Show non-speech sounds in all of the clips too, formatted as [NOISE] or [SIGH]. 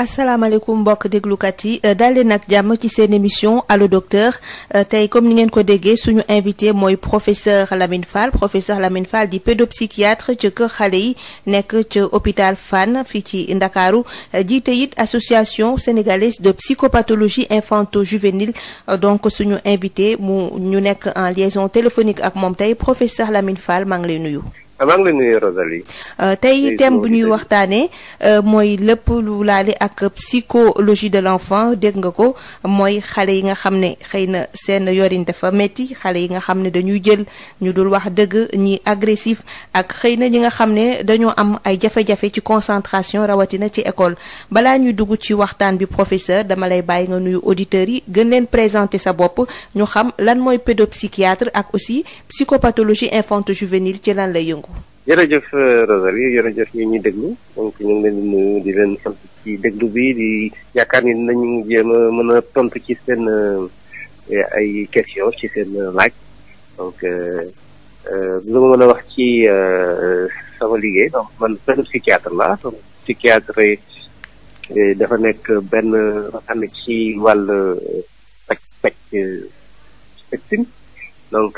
asalaamaaleykum mbokk déglukat yi euh, daal leen ak jàmm ci seen émission allo docteur euh, tey comme ni ngeen ko déggee suñu invité mooy professeur Lamine Fall professeur Lamine Fall di pédopsychiatre ci kër xale yi nekk ci hôpital Fann fii ci Ndakaaru euh, jiite it association sénégalaise de psychopathologie infanto-juvénile donc suñu invité mu ñu nekk en liaison téléphonique ak moom tey professeur Lamine Fall maa ngi lay nuyu. Ah, maa euh, tey thème bu ñuy waxtaanee euh, mooy lépp lu laale ak psychologie de l' enfant dégg nga ko mooy xale yi nga xam ne xëy na seen yorin dafa métti xale yi nga xam ne dañuy jël ñu dul wax dëgg ñi agressif ak xëy na ñi nga xam ne dañoo am ay jafe-jafe ci concentration rawatina ci école balaa ñuy dugg ci waxtaan bi professeur dama lay bàyyi nga nuyu auditeurs yi gën leen présenter sa bopp ñu xam lan mooy pédopsychiatre ak aussi psychopathologie infanto juvénile ci lan lay yëngu. jërëjëf euh, Rosalie jërëjëf ñi ñuy déglu donc ñu ngi leen di nuyu di leen sant ci déglu bi di yaakaar ni dinañu jéem a mën a tontu ci seen euh, ay questions ci seen laaj donc euh, lu ma mën a wax ci sama liggéey donc man benn psychiatre la donc psychiatre dafa nekk benn xam ci wàll paj paj médecine donc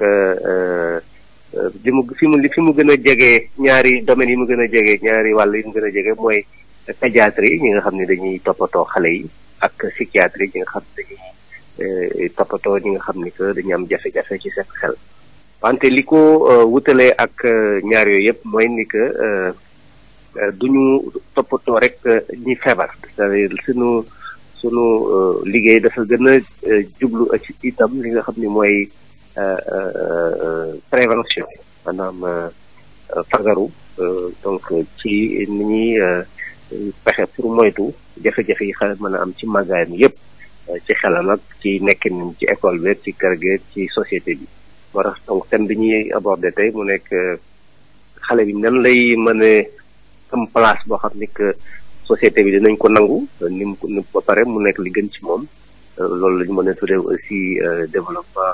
li mu fi mu fi mu gën a jege ñaari domaines yi mu gën a jege ñaari wàll yi mu gën a jege mooy pédiatrie ñi nga xam ne dañuy toppatoo xale yi ak psychiatrie ñi nga xam ne dañuy eh, toppatoo ñi nga xam ni que dañu am jafe ci seen xel wante li ko eh, wutalee ak eh, ñaar yëpp mooy ni que du ñu toppatoo rek ñi feebar c'est-à-dire sunu sunu liggéey dafa gën a jublu ci itam li nga xam ni mooy E, e, e, prévention maanaam fagaru donc ci ni ñuy pexe pour moytu jafe-jafe yi xale mën a am ci màggaay mi yépp ci xelam ak ci nekkin ci école bi ci kër ci société bi wara tax donc thème bi ñuy abordé tey mu nekk xale bi nan lay mën a am place boo xam ni que société bi dinañ ko nangu ni mu ba pare mu nekk li gën ci moom loolu la ñu mën a tuddee aussi développement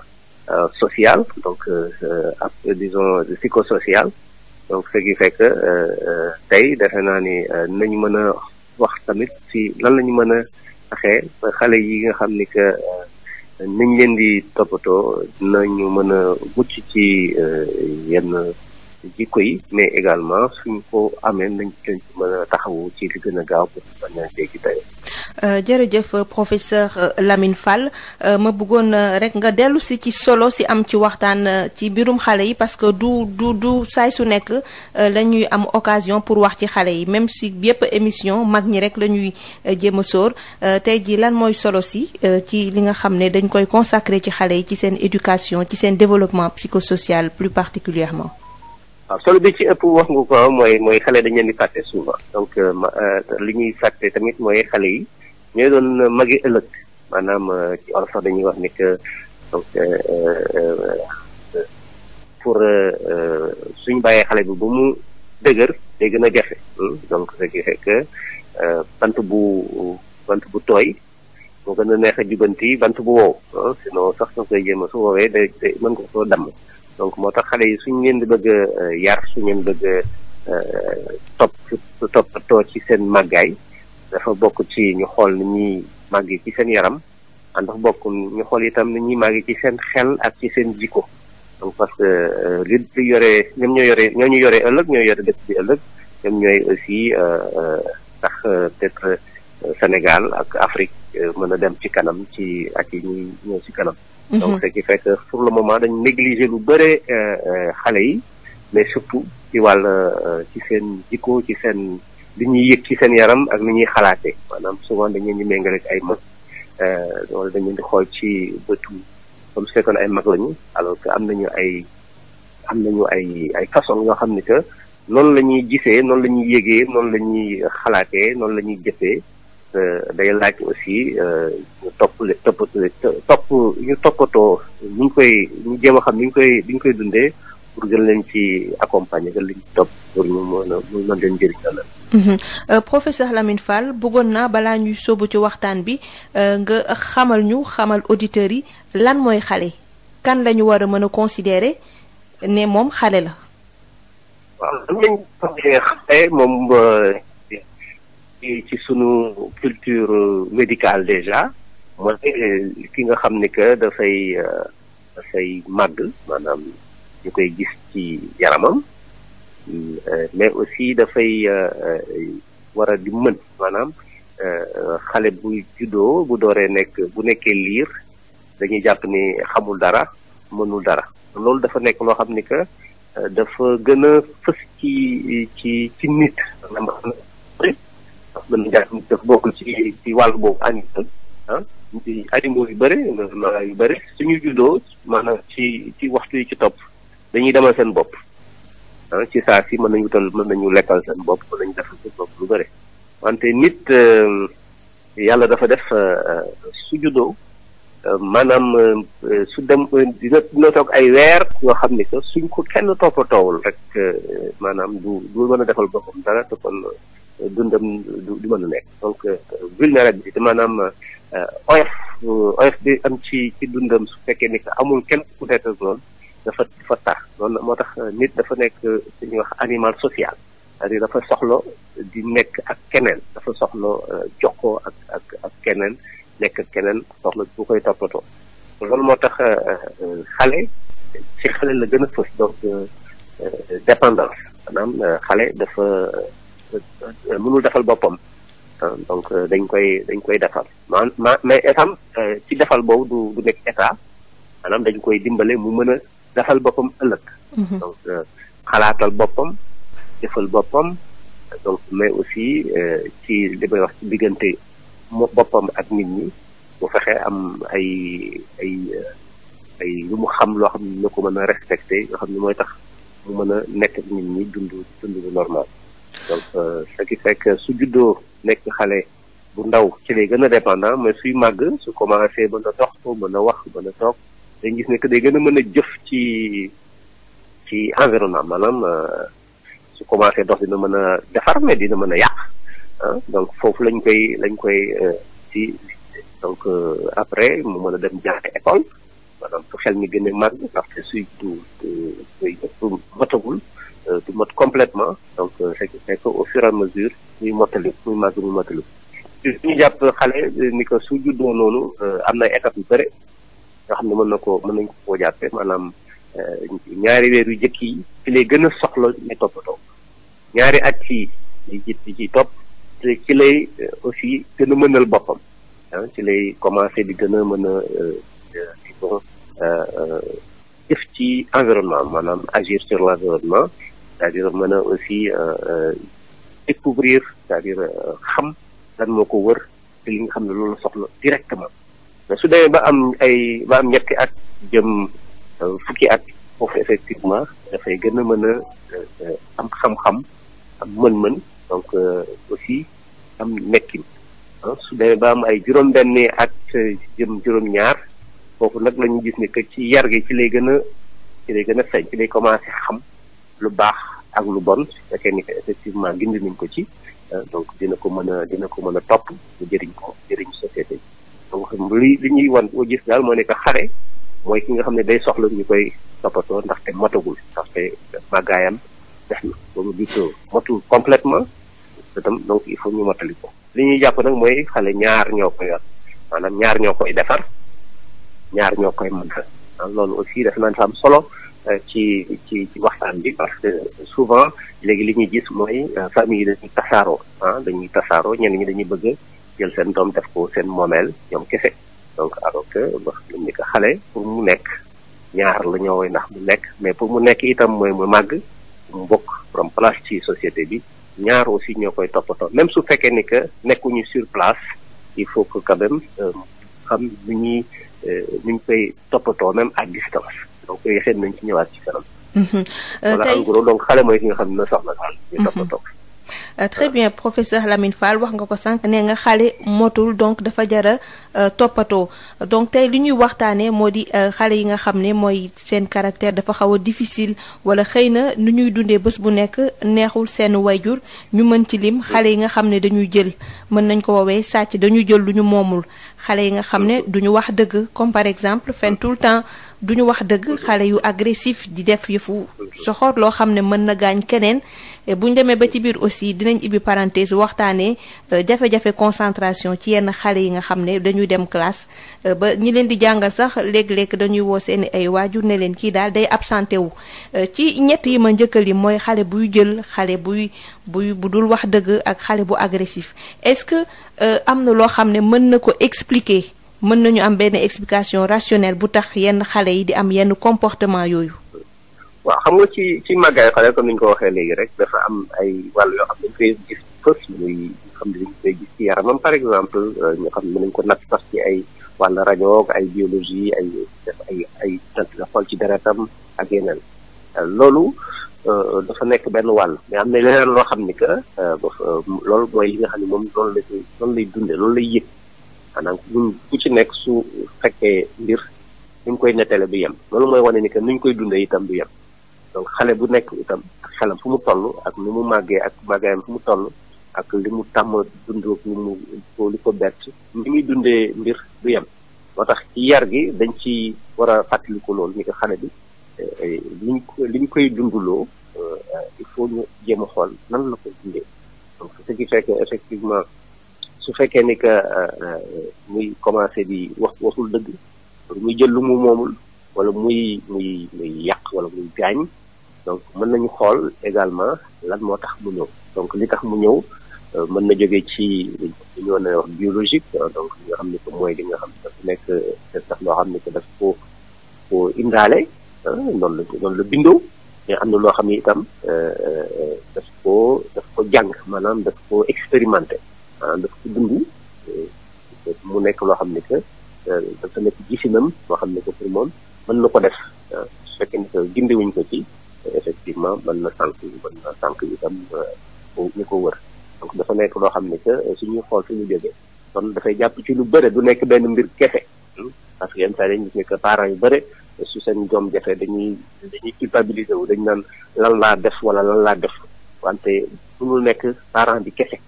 Euh, sociale donc euh, euh, ak disons psychosociale donc ce qui fait que tey defe naa ni nañu mën a wax tamit ci lan la ñu mën a taxee xale yi nga xam ni que niñ leen di toppatoo nañu mën a mucc ci yenn jikko yi mais également suñ ko amee nañ leen mën a taxawu ci li gën a gaaw pour bañ a jéggi tey Euh, jërëjëf euh, professeur euh, Lamine fal ma bëggoon rek nga dellu si ci solo si am ci waxtaan ci mbirum xale yi parce que du du du saay su nekk la am occasion pour wax ci xale yi même si yépp émission mag ñi rek lañuy ñuy jéem a sóor tey jii lan mooy solo si ci li nga xam ne dañ koy consacrer ci xale yi ci seen éducation ci seen développement psychosocial plus particulièrement waaw ah, solo bi ci ëpp wax nga ko mooy mooy xale dañu leen di tamit mooy xale yi ñooy doon magi ëllëg maanaam ci olof dañuy wax ni que donc pour suñ bàyyee xale bi ba mu dëgër day gën a jafe donc bant bu bant bu tooy moo gën a neex a jubanti bant bu wow sinon sax suñ koy woowee day day mën ko donc moo tax xale yi suñ leen di bëgg a yar suñ leen bëgg a ci seen màggaay dafa bokk ci ñu xool ni ñuy màggee ci seen yaram en dafa bokk ñu xool itam ni ñuy màgg ci seen xel ak ci seen jikko donc parce que euh, li li yore ñoom ñoo yore ñoo ñu yore ëllëg ñoo yore def ci ëllëg ñoom ñooy aussi euh, euh, tax peut Sénégal ak Afrique mën a dem ci kanam ci ak yi ñuy ñëw ci kanam. Mhm. donc ce qui fait que pour le moment dañu négliger lu bëre xale yi mais surtout ci wàll ci seen jikko ci seen. li ñuy yëg ci seen yaram ak li ñuy xalaatee maanaam souvent dañu leen di méngale ak ay mag euh, wala dañu di xool ci bëtu comme su fekkoon ay mag lañu alors que am nañu ay am nañu ay ay façon yoo xam ni que noonu la ñuy gisee noonu la ñuy yëgee noonu la ñuy xalaatee noonu la ñuy jëfee euh, day laaj aussi euh, ñu topp topp topp ñu toppatoo ñu koy ñu jéem a xam ni ñu koy ni ñu koy dundee pour gën leen ci accompagner gën leen ci topp pour ñu mën a mën leen jëriñ Mhm. Euh, professeur Lamine Fall bëggoon naa balaa ñuy sob ci waxtaan bi euh, nga xamal ñu xamal auditeurs yi lan mooy xale kan la ñu war a mën a considérer ne moom xale la. waaw lan moom euh, ci sunu culture médicale déjà mooy ki nga xam ni que dafay dafay màgg maanaam ñu koy gis ci yaramam. Euh, mais aussi dafay euh, euh, war a di mën maanaam xale bu juddoo bu dooree nekk bu nekkee liir dañuy jàpp ni xamul dara mënul dara loolu dafa nekk loo xam ni que dafa gën a fës ci ci nit maanaam gën a jàpp ni dafa bokk ci ci wàll boobu animal ah animaux yu bëri yu bëri suñu juddoo maanaam ci ci waxtu yi ci topp dañuy demal seen bopp ah ci saa si mën nañu tal mën nañu lekkal seen bopp mën nañu defal seen bopp lu bëri wante nit euh, yàlla dafa def euh, euh, su juddoo maanaam su dem dina dina toog ay weer yoo xam ni que suñ ko kenn toppatoowul rek maanaam du du mën a defal boppam dara te kon dundam du du mën a nekk donc vulnérabilité maanaam oyof oyof bi am ci ci dundam su fekkee ni que amul kenn ku nekk ak dafa dafa tax loolu moo tax euh, nit dafa nekk li euh, ñuy wax animal social cest dafa soxlo di nekk ak keneen dafa jox euh, jokkoo ak ak ak keneen nekk ak keneen soxla bu koy toppatoo loolu moo tax xale ci xale la gën a fës donc dépendance xale dafa mënul defal boppam donc dañ koy dañ koy defal ma mais itam ci defal boobu du nekk état maanaam dañ koy dimbale mu mën a defal boppam ëllëg. Mhm. donc euh, xalaatal boppam defal boppam donc mais aussi euh, ci li may wax ci diggante boppam ak nit ñi mu fexe am ay ay euh, ay lu mu xam loo xam ne ko mën a respecté yoo xam ne mooy tax mu mën a nekk ak nit ñi dund dund bu normal donc ce qui fait su juddoo nekk xale bu ndaw ci lay gën a dépendant mais suy màgg su commencé mën a dox mën a wax mën a toog. dañ gis ne que day gën a mën a jëf ci ci environnement maanaam euh, su commencé dox dina mën a defar mais dina mën a yàq ah donc foofu lañ koy lañ koy euh, ci donc euh, après mu mën a dem jàng école maanaam fu xel mi gën a màgg parce que suy du du matagul du mot complètement donc c'est que au fur et à mesure muy mottali muy màgg muy mottali ñu jàpp xale ni que su juddoo noonu am na étape yu bëre nga xam ne mën na ko mën nañ ko koo jàppee maanaam euh, ñaari weer yu jëkk yi ci lay gën a soxla ñu toppatoo ñaari at yi di ci ci topp ci lay euh, aussi gën a mënal boppam ah ci lay commencé di gën a mën a euh, disons jëf ci environnement maanaam agir sur l'environnement c'est-à-dire mën a aussi découvrir c'est-à-dire xam lan moo ko wër te li nga xam ne loolu soxla directement mais su demee ba am ay ba am ñetti at jëm euh, fukki at foofu effectivement dafay gën a mën a euh, euh, am xam-xam am mën-mën donc aussi am nekkin su demee ba am ay juróom benn ak jëm juróom-ñaar foofu nag la ñu gis ni que ci yar gi ci lay gën a ci lay gën a feeñ ci lay commencé xam lu baax ak lu bon su fekkee ni que effectivement gindi nañ ko ci donc dina ko mën a dina ko mën a topp mu jëriñ ko jëriñ société donc li li ñuy wan boo gis daal moo nekk xare mooy ki nga xam ne day soxla ñu koy toppatoo ndaxte matagul ndaxte màggaayam def na boobu gis matul completement itam donc il faut ñu matali ko li ñuy jàpp nag mooy xale ñaar ñoo koy yor maanaam ñaar ñoo koy defar ñaar ñoo koy mën a loolu aussi daf naan am solo euh, ci ci waxtaan bi parce que souvent léegi li ñuy gis mooy euh, famille yi dañuy tasaaroo ah dañuy tasaaroo ñenn ñi dañuy bëgg jël seen doom def ko seen moomeel ñoom kese donc alors que wax nañ xale pour mu nekk ñaar la ñoo woy ndax mu nekk mais pour mu nekk itam mooy mu màgg mu mbokk from place ci société bi ñaar aussi ñoo koy toppatoo même su fekkee ni que nekkuñu sur place il faut que quand euh, xam nu ñuy euh, nu ñu koy toppatoo même ak distance donc yooyu xëy nañ ci ñëwaat ci kanam. Mhm. Euh, voilà en gros donc xale mooy ki nga xam ne soxla daal ñu mhm. toppatoo. Euh, très bien professeur Lamine Fall wax nga ko sànq nee nga xale motul donc dafa jara euh, toppatoo donc tey li ñuy waxtaanee moo di euh, xale yi nga xam ne mooy seen caractère dafa xaw a difficile wala xëy na nu ñuy dundee bés bu nekk neexul seen wayjur ñu mën ci lim xale yi nga xam ne dañuy jël mën nañ ko woowee sàcc dañuy jël lu ñu moomul xale yi nga xam ne du ñu wax dëgg comme par exemple fen tout le temps ñu wax dëgg xale yu agressif di def yëfu soxor loo xam ne mën na gaañ keneen buñ demee ba ci biir aussi dinañ ibbi parenthèse waxtaanee euh, jafe-jafe concentration ci yenn xale yi nga xam ne dañuy dem classe euh, ba ñi leen di jàngal sax léeg-léeg dañuy woo seeni ay waajur ne leen kii daal day absenté wu euh, ci ñett yi ma njëkkal yi mooy xale buy jël xale buy buy bu dul wax dëgg ak xale bu agressif est Euh, am na loo xam ne mën na ko expliquer mën nañu am benn explication rationnelle bu tax yenn xale yi di am yenn comportement yooyu. waaw xam nga ci ci màggaayu xale ko waxee léegi rek dafa am ay wàll yoo xam ne dañ koy gis xam ne dañ koy gis ci yaramam par exemple euh, ñu xam ne nañ ko natt sax ci ay wàll rajo ay biologie ay def ay xool ci deretam ak yeneen euh, loolu. Euh, dafa nekk benn wàll mais am na leneen loo xam ni que euh, loolu mooy li nga xam ne moom loolu la ci loolu lay dunde loolu lay yëg maanaam ñun ku ci nekk su fekkee mbir ni koy nettale bu yem loolu mooy wane ni que ni koy dundee itam du yem xale bu nekk itam ak xelam fu ak ni mu màggee ak màggaayam mu toll ak li mu tàmm dund ak li mu li ko bett dundee mbir du yem moo yar gi dañ ci war a fàttaliku loolu ni xale bi euh, liñ ko liñ koy dunduloo il faut ñu jéem a xool nan la ko dundee donc ce qui fait effectivement su fekkee ni que euh, euh, muy commencé di wax waxul dëgg muy jël lu mu moomul wala muy muy muy yàq wala muy gaañ donc mën nañu xool également lan moo tax mu ñëw donc li tax mu ñëw euh, mën na jóge ci ñoo ñu wax biologique donc nga xam ni que mooy li nga xam ne dafa nekk sax loo xam ne que daf ko ko indaale noonu la noonu la bindoo mais am na loo xam ne itam euh, euh, daf koo daf ko jàng maanaam daf ko expérimenté maanaam ah, daf ko dund mu nekk loo xam ne que euh, dafa nekk gisinam loo xam ne que pour moom mën na ko def ah, su fekkee ko ci effectivement mën na sànq mën na sànq itam ñu ko wër donc dafa nekk loo xam ne su ñuy xool suñu jógee kon dafay jàpp ci lu bëre du nekk benn mbir kese hmm, parce que yenn saa yi dañu gis ne yu bëre su seen doom jafe dañuy dañuy culpabiliser wu dañu naan lan laa def wala lan laa def wante mënul nekk parent bi kefe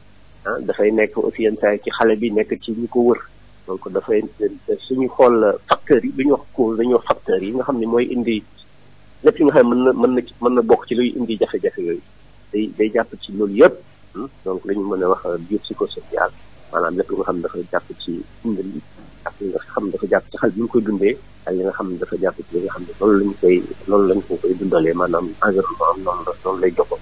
ah dafay nekk aussi yenn saa ci xale bi nekk ci ñi ko wër donc dafay suñu xool facteurs yi lu ñuy wax cause dañuy wax facteurs yi nga xam ne mooy indi lépp li nga xam ne mën na mën na mën na bokk ci luy indi jafe-jafe yooyu day day jàpp ci loolu yëpp hmm. donc la ñu mën a wax biopsychosocial maanaam lépp li nga xam ne dafa jàpp ci dundal ak xam dafa jàpp ci xale bi ñu koy dundee ak li nga xam ne dafa jàpp nga xam ne loolu lañ koy loolu lañ ko koy dundalee maanaam environnement am noonu la noonu lay jokkoo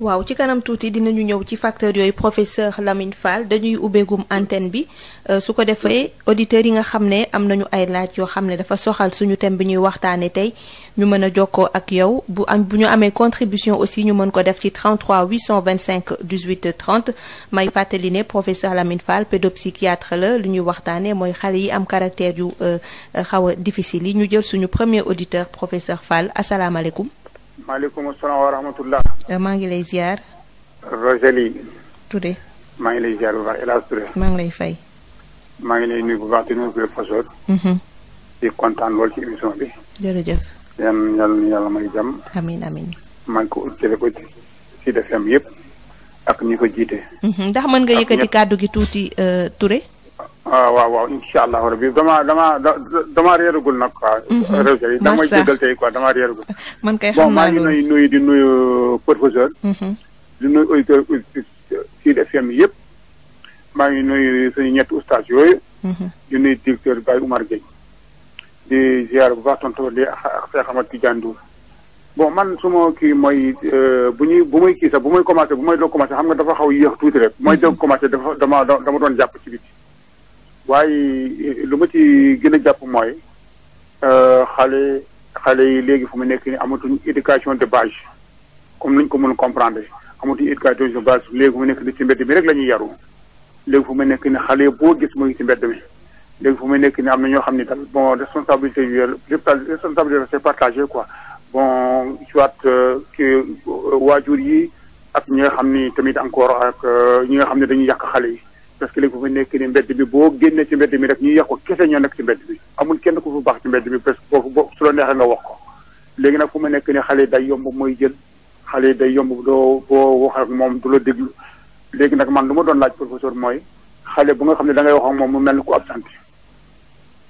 waaw ci kanam tuuti dinañu ñëw ci facteur yooyu professeur Lamine faal dañuy ubbeekum antenne bi euh, su ko defee auditeurs yi nga xam ne am nañu ay laaj yoo xam ne dafa soxal suñu thème bi ñuy waxtaanee tey ñu mën a jokkoo ak yow bu am bu ñu amee contribution aussi ñu mën ko def ci 33 825 18 30 may fàttali ne professeur Lamine Fall pédopsychiatre la lu ñuy waxtaanee mooy xale yi am caractère yu euh, xaw a difficile yi ñu jël suñu premier auditeur professeur Fall asalaamaaleykum. Eh, maa ngi lay ziar. Rosalie. Touré. maa ngi lay ziar bu baax El Hadj Touré. maa ngi lay fay. maa ngi lay nuyu bu baax di nuyu Kër Fassod. Mm-hmm. di kontaan lool ci émission bi. jërëjëf. yan yàlla na yàlla may jàmm. amiin amiin. maa ngi ko jëlee ko ci ci Sud yëpp. Mm-hmm. ndax mën nga yëkkati kàddu gi tuuti euh, Touré. ah waaw waaw incha allahu rabi damaa damaa damaa réeragul nag quoi. da nga may jégal man kay xam naa loolu bon maa ngi nuyu di nuyu professeur. Mhm. di nuyu auditeurs Sud FM yëpp. maa ngi nuyu suñu ñett ustaas yooyu. Mhm. di nuyu directeur Baye Umar Gueye. di ziar bu baax tontu li ak Cheikh Ahmad Tidiane Ndour bon man su kii mooy euh, bu ñuy bu muy kii sax bu muy commencé bu may doog commencé xam nga dafa xaw yéex tuuti rek. mooy mhm. doog commencé dafa dama doon jàpp ci biti. waaye eh, lu ma ci gën a jàpp mooy euh, xale xale yi léegi fu mu nekk nii amatuñ éducation de base comme nañ ko mën comprendre amatuñ éducation de base léegi fu mu nekk ni ci mbedd mi rek la ñuy yaru léegi fu mu nekk ni xale boo gis mu ci mbedd mi léegi fu mu nekk ni am na ñoo xam ne daal bon responsabilité yu responsabilité c'est partagé quoi bon soit euh, waajur yi ak ñi nga xam ni tamit encore ak euh, ñi nga xam ne dañuy yàq xale yi parce que léegi fu fa nekk ni mbedd bi boo génnee ci mbedd mi rek ñuy yàqu kese ñoo nekk ci mbedd bi amul kenn ku fa baax ci mbedd bi parce que boo boo su la neexee nga wax ko léegi nag fu ma nekk ni xale day yomb mooy jël xale day yomb doo boo wax ak moom du la déglu léegi nag man lu ma doon laaj professeur mooy xale bu nga xam ne da ngay wax ak moom mu mel ni ku absent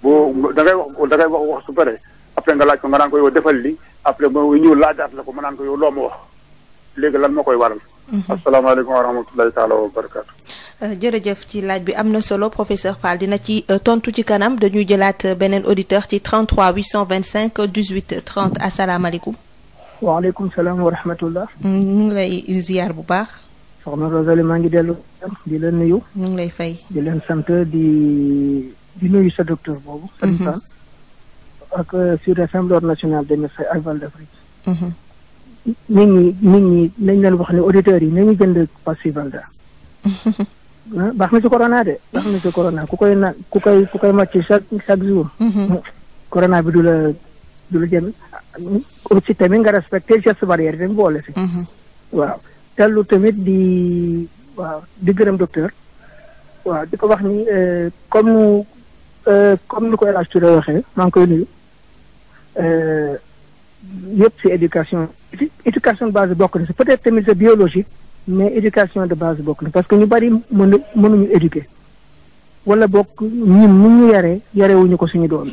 boo da wax da wax su pare après nga laaj ko nga naan ko yow defal li après mo ñëw laajaat la ko ma naan ko yow loo ma wax léegi lan ma koy waral mhm. asalaamaaleykum wa rahmatulahi taala wa Euh, jërëjëf ci laaj bi am na solo professeur Fall dina ci euh, tontu ci kanam dañuy jëlaat euh, beneen auditeur ci 33 825 18 30 asalaamaaleykum. waaleykum salaam wa rahmatullah. Mm, ñu ngi lay ziar bu baax. soxna Rosalie maa ngi dellu di leen nuyu. ñu ngi lay fay. di leen sant di di nuyu sa docteur boobu. Mm-hmm. Fane ak Sud FM l'ordre national des médecins ak Val d'Afrique. Mm-hmm. nit ñi nit ñi nañ leen wax ne auditeurs yi nañu jënd pass Sivalda. [LAUGHS] baax na ci corona de baax na ci corona ku koy na ku koy ku koy màcc chaque jour. Mhm. corona bi du la du la jëm tamit nga respecté geste barrière dañ boole si. Mhm. waaw tellu tamit di waaw di gërëm docteur. waaw di ko wax ni euh, comme nu euh, comme nu ko El Hadj waxee maa ngi koy nuyu euh, yëpp si éducation éducation base bokk na si peut-être tamit sa biologique. mais éducation de base bokk na parce que ñu bari mënu ñu éduquer wala bokk ñun ñu ñu yaree yarewuñu ko suñu doom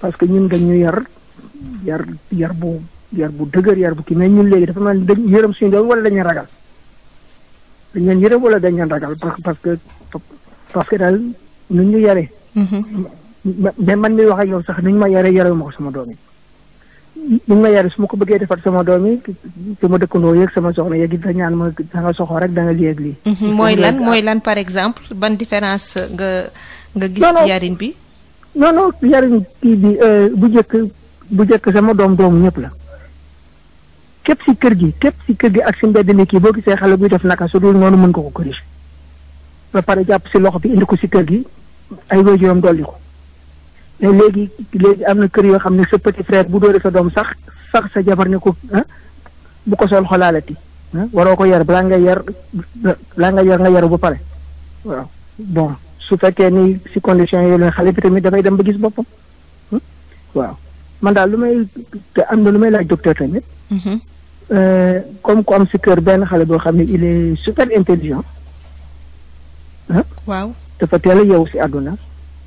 parce que ñun dañu yar yar yar bu yar bu dëgër yar bu kii mais ñun léegi dafa mel ni dañ yërëm suñu doom wala dañu ragal dañ leen yërëm wala dañ leen ragal parce que parce que daal nu ñu yaree. Mm-hmm. mais man mi wax yow sax nu ñu ma yaree yarewuma ko sama doom yi. li ma yar su ma ko bëggee defar sama doom yi sama dëkkandoo yeeg sama soxna yeeg da ñaan ma da nga rek da nga lii. Mhm, mooy lan mooy ah. lan par exemple ban différence nga nga gis. ci yarin bi non non yarin kii euh, bu njëkk bu jëkk sama doom doom ñëpp la. képp si kër gi képp si kër gi ak si mbedd mi kii boo gisee xale buy def naka su dul noonu mën ko ko corrigé ba pare jàpp si loxo bi indi ko si kër gi ay waajuram dolli ko. mais léegi léegi am na kër yoo xam ne sa petit frère bu dóoree sa doom sax sax sa jabar ne ko bu ko sol xolaalati waroo ko yar balaa nga yar balaa nga yar nga yaru ba pare bon su fekkee ni si condition yooyu la xale bi tamit dafay dem ba gis boppam waaw man daal lu may te am na lu may laaj docteur tamit. Mm-hmm. Euh, comme ku am si kër benn xale boo xam ne il est super intelligent. waaw dafa teel a yow si àdduna.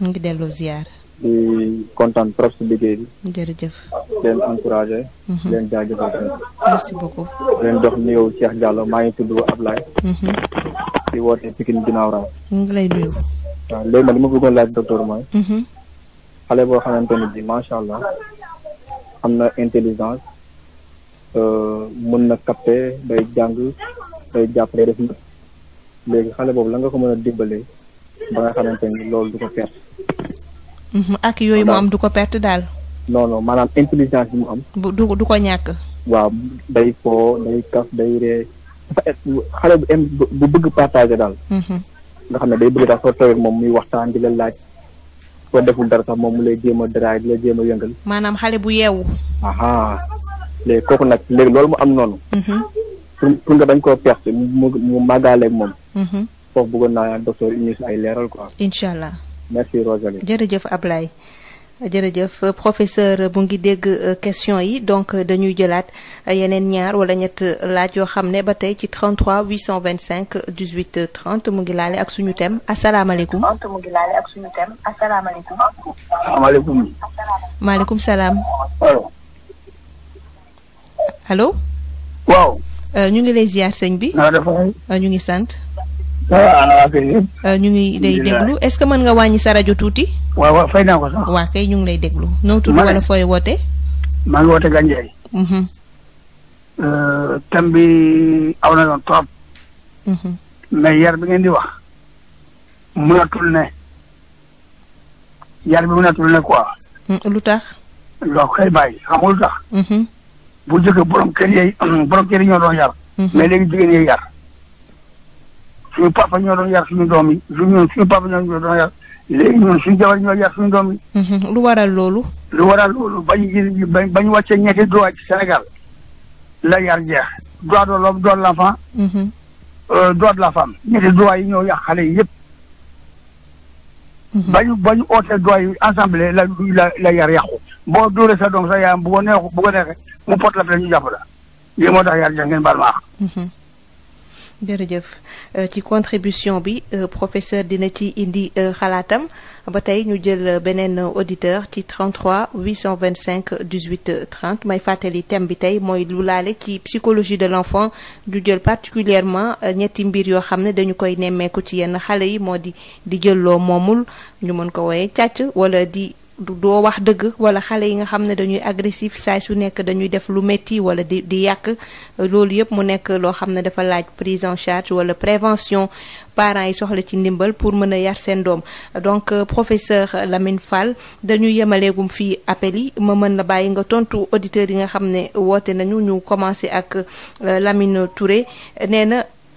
ñu ngi delloo ziar. di kontaan trop si liggéey bi. jërëjëf. leen encouragé. Mhm. leen jaajëfal tamit. merci beaucoup. leen dox nuyoo Cheikh Diallo maa ngi tudd Ablaye. Mhm. di woote Pikine ngi lay nuyu. waaw léegi nag li ma bëggoon laaj docteur mooy. Mhm. xale boo xamante ne bii macha allah am na intelligence euh, mën na capter day jàng day jàpp day léegi xale boobu la nga ko mën a dimbalee. ba nga xamante ni loolu du ko perte. Mhm, ak yooyu mu am du ko perte daal. non non maanaam intelligence bi mu am. bu du du ko ñàkk. waaw day foo day kaf day ree xale bu em bu bëgg partager daal. Mhm. nga xam ne day bëgg daal soo toogee moom muy waxtaan di la laaj. soo deful dara sax moom mu lay jéem a daraay di a yëngal. maanaam xale bu yeewu. léegi kooku nag léegi loolu mu am noonu. Mhm. pour pour nga bañ koo perte mu mu màggaaleeg moom. foofu bëggoon naa docteur indi leeral quoi. incha allah merci Rosalie. jërëjëf Ablaye. jërëjëf professeur bu ngi dégg euh, question yi donc euh, dañuy jëlaat euh, yeneen ñaar wala ñett laaj yoo xam ne ba tey ci 33 825 18 30 mu ngi laale ak suñu thème asalaamaaleykum. mu ngi laale ak suñu thème asalaamaaleykum. maaleykum. maaleykum salaam. allo. allo. waaw. ñu ngi lay ziar sëñ bi. ñu ngi sant. a ah, euh, ñu ngi lay déglu est-ce que mën nga wàññi sa rajo tuuti. waaw waaw fay naa ko sax. waaw kay ñu ngi lay déglu. noo tudd wala fooy woote. maa ngi woote Gandiaye. Mhm. Euh, thème bi aw na doon trop. Mhm. mais yar bi ngeen di wax. mënatul ne. yar bi mënatul ne quoi. Mm, lu tax. loo koy bàyyi xam nga tax. Mhm. bu njëkk borom kër yi [CLEARS THROAT] borom kër yi ñoo doon yar. mais léegi jigéen ñi yar. suñu papa ñoo doon yar suñu doom yi ñun ñu papa ñoo doon yar léegi ñun suñu jabar ñoo yar suñu doom yi. Mhm. lu waral loolu. lu waral loolu bañ ji bañ wàccee ñetti droit ci Sénégal la yar jeex droit de l'homme droit de l'enfant. Mhm. Euh, droit de la femme ñetti droit yi ñoo yàq xale yi yëpp. Mhm. bañu bañu ootee droit yi la la la yar yàqu. boo dóoree sa doom sa yaayam bu neexu bu ko mu pot la ñu jàpp la lii moo tax yar jeex ngeen baal jërëjëf euh, ci contribution bi euh, professeur dina ci indi euh, xalaatam ba tey ñu jël beneen auditeur ci 33 825 18 30 may fàttali thème bi tey mooy lu laale ci psychologie de l'enfant ñu jël particulièrement ñetti mbir yoo xam ne dañu koy nemmeeku ci yenn xale yi moo di di jël loo moomul ñu mën ko woye càcc wala di doo wax dëgg wala xale yi nga xam ne dañuy agressif saay su nekk dañuy def lu métti wala di di yàq loolu yëpp mu nekk loo xam ne dafa laaj prise en charge wala prévention parent yi soxla ci ndimbal pour mën a yar seen doom donc euh, professeur Lamine Fall dañuy yemaleegum fii appel yi ma mën na bàyyi nga tontu auditeurs yi nga xam ne woote nañu ñu commencé ak euh, Lamine Touré nee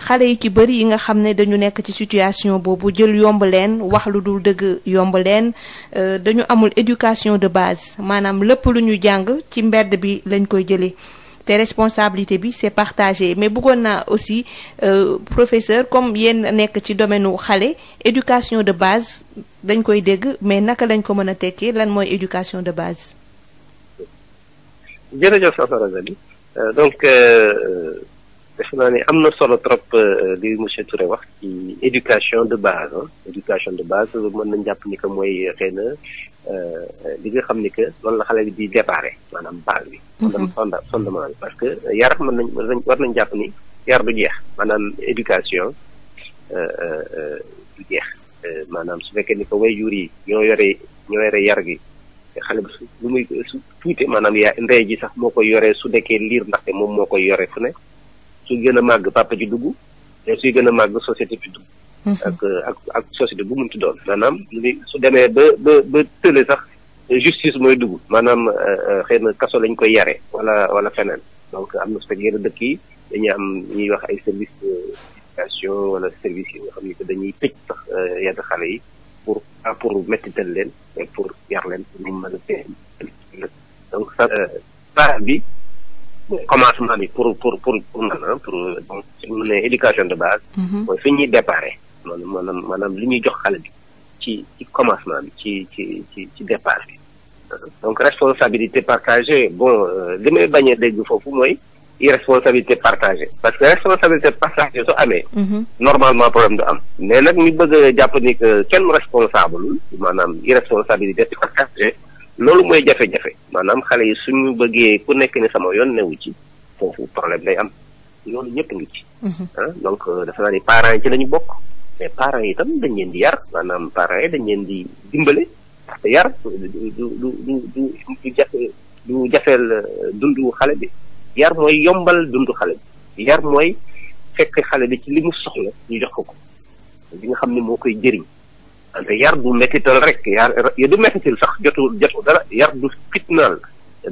xale yi ci bëri yi nga xam ne dañu nekk ci situation boobu jël yomb leen wax lu dul dëgg yomb leen euh, dañu amul éducation de base maanaam lépp lu ñu jàng ci mbedd bi lañ koy jëlee te responsabilité bi c'est partager mais buggoon naa aussi euh, professeur comme yéen nekk ci domaine wu xale éducation de base dañ koy dégg mais naka lañ ko mën a tekkee lan mooy éducation de base. jërëjëf euh, donc. Euh, defe naa ni am na solo trop euh, li monsieur Touré wax ci éducation de base éducation de base mën nañ jàpp ni que mooy xëy na euh, li nga xam ni que lool la xale bi di déparé maanaam base bi. Mhm. fondement bi parce que yar mën nañ war nañ jàpp ni yar du jeex maanaam éducation euh, du jeex maanaam su fekkee ni que waajur yi ñoo yore ñoo yore yar gi. xale bi su lu muy su tuute maanaam yaa ndey ji sax moo koy yoree su dekkee liir ndaxte moom moo koy yore fu ne su gën a màgg papa ji dugg te suy gën a màgg société bi dugg. Mhm. ak ak ak société mun ti doon maanaam li su demee ba ba ba tële sax justice mooy dugg maanaam euh, euh, xëy na kaso lañ koy yaree wala wala feneen donc am na su fekkee yenn dëkk yi dañuy am ñuy wax ay service éducation wala service yi nga xam ni que dañuy tëj sax euh, xale yi pour ah pour méttital leen pour yar leen pour ñu bi. commencement bi pour pour pour pour maanaam pour bon éducation de base. Mhm. mooy fi ñuy déparé maanaam maanaam li ñuy jox xale bi ci ci commencement bi ci ci ci ci départ bi. donc responsabilité partagée bon euh, li may bañ a dégg foofu mooy irresponsabilité partagée parce su amee. Mhm. normalement problème du am. mais nag ñu bëgg a jàpp ni kenn responsable maanaam irresponsabilité partagée. loolu mooy jafe-jafe maanaam xale yi suñu bëggee ku nekk ni sama yoon newu ci foofu problème day am loolu ñëpp ngi ci. Mhm. Ah, donc euh, dafa naa ni parents yi ci lañu bokk mais parents yi itam dañ leen di yar maanaam parents yi dañ leen di dimbale yar du du du du jafe du jafeel euh, dundu xale bi yar mooy yombal dundu xale bi yar mooy fekk xale bi ci li mu soxla ñu jox ko ko li nga xam ne moo koy jëriñ. ante yar bu mettital rek yar du mettital sax jotu jotu dara yar du fitnaal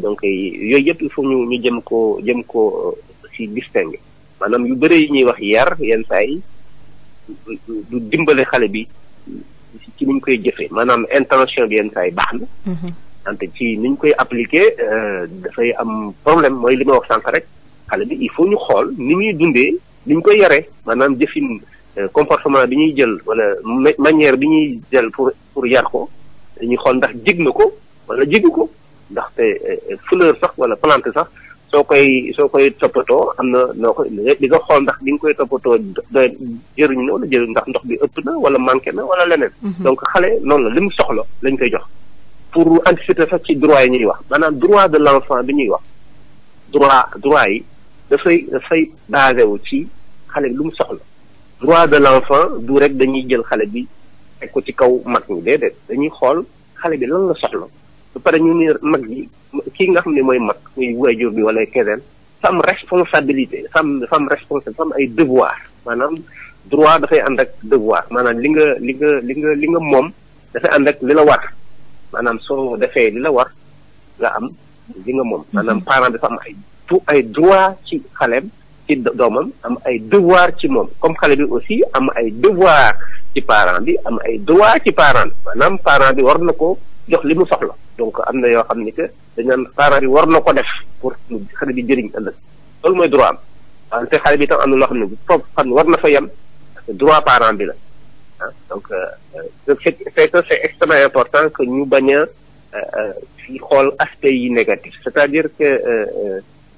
donc yooyu yëpp il ñu ñu jëm koo jëm koo si euh, distingue maanaam yu bëre yi ñuy wax yar yenn saa yi du dimbale xale bi ci niñ koy jëfee maanaam intention bi yenn saa yi baax na mhm. ante ci niñ koy appliquer euh, dafay am problème mooy li ma wax sànq rek xale bi il faut ñu xool ni ñuy dundee nuñ koy yaree maanaam jëfin Euh, comportement bi ñuy jël wala manière bi ñuy jël pour pour yar ko dañuy xool ndax jig na ko wala jigu ko ndaxte euh, fuleur sax wala plante sax soo koy soo koy toppatoo am na noo ko di nga xool ndax di nga koy toppatoo doy jëriñ na wala jëriñ ndax ndox bi ëpp na wala manqué na wala leneen. Mhm. donc xale noonu la li soxla lañ koy jox. pour anticiper sax ci droit yi ñuy wax maanaam droit de l' enfant bi ñuy wax droit droit yi dafay dafay basé wu ci xale lu mu soxla. droit de l'enfant du rek dañuy jël xale bi teg ko ci kaw mag ñi déedéet dañuy xool xale bi lan la soxla ba pare ñu ni mag yi kii nga xam ne mooy mag muy waajur bi wala keneen fam responsabilité fam fam responsabilité fam ay devoir maanaam droit dafay ànd ak devoir maanaam li nga li nga li nga li nga moom dafay ànd ak li la war maanaam soo defee li la war nga am li nga moom maanaam mhm. parent dafa am ay ay droit ci xaleem ci doomam am ay devoir ci moom comme xale bi aussi am ay devoir ci parent bi am ay droit ci parent bi maanaam parent bi war na ko jox li mu soxla donc am na yoo xam ni que dañu naan parent bi war na ko def pour xale bi jëriñ ëllëg loolu mooy droit am wante xale bi tam am na loo xam ne foofu xam ne war na fa yem droit parent bi la ah donc euh, euh, c'est c'est extrêmement important que ñu bañ a euh, fi xool aspect yi négatif c'est-à-dire que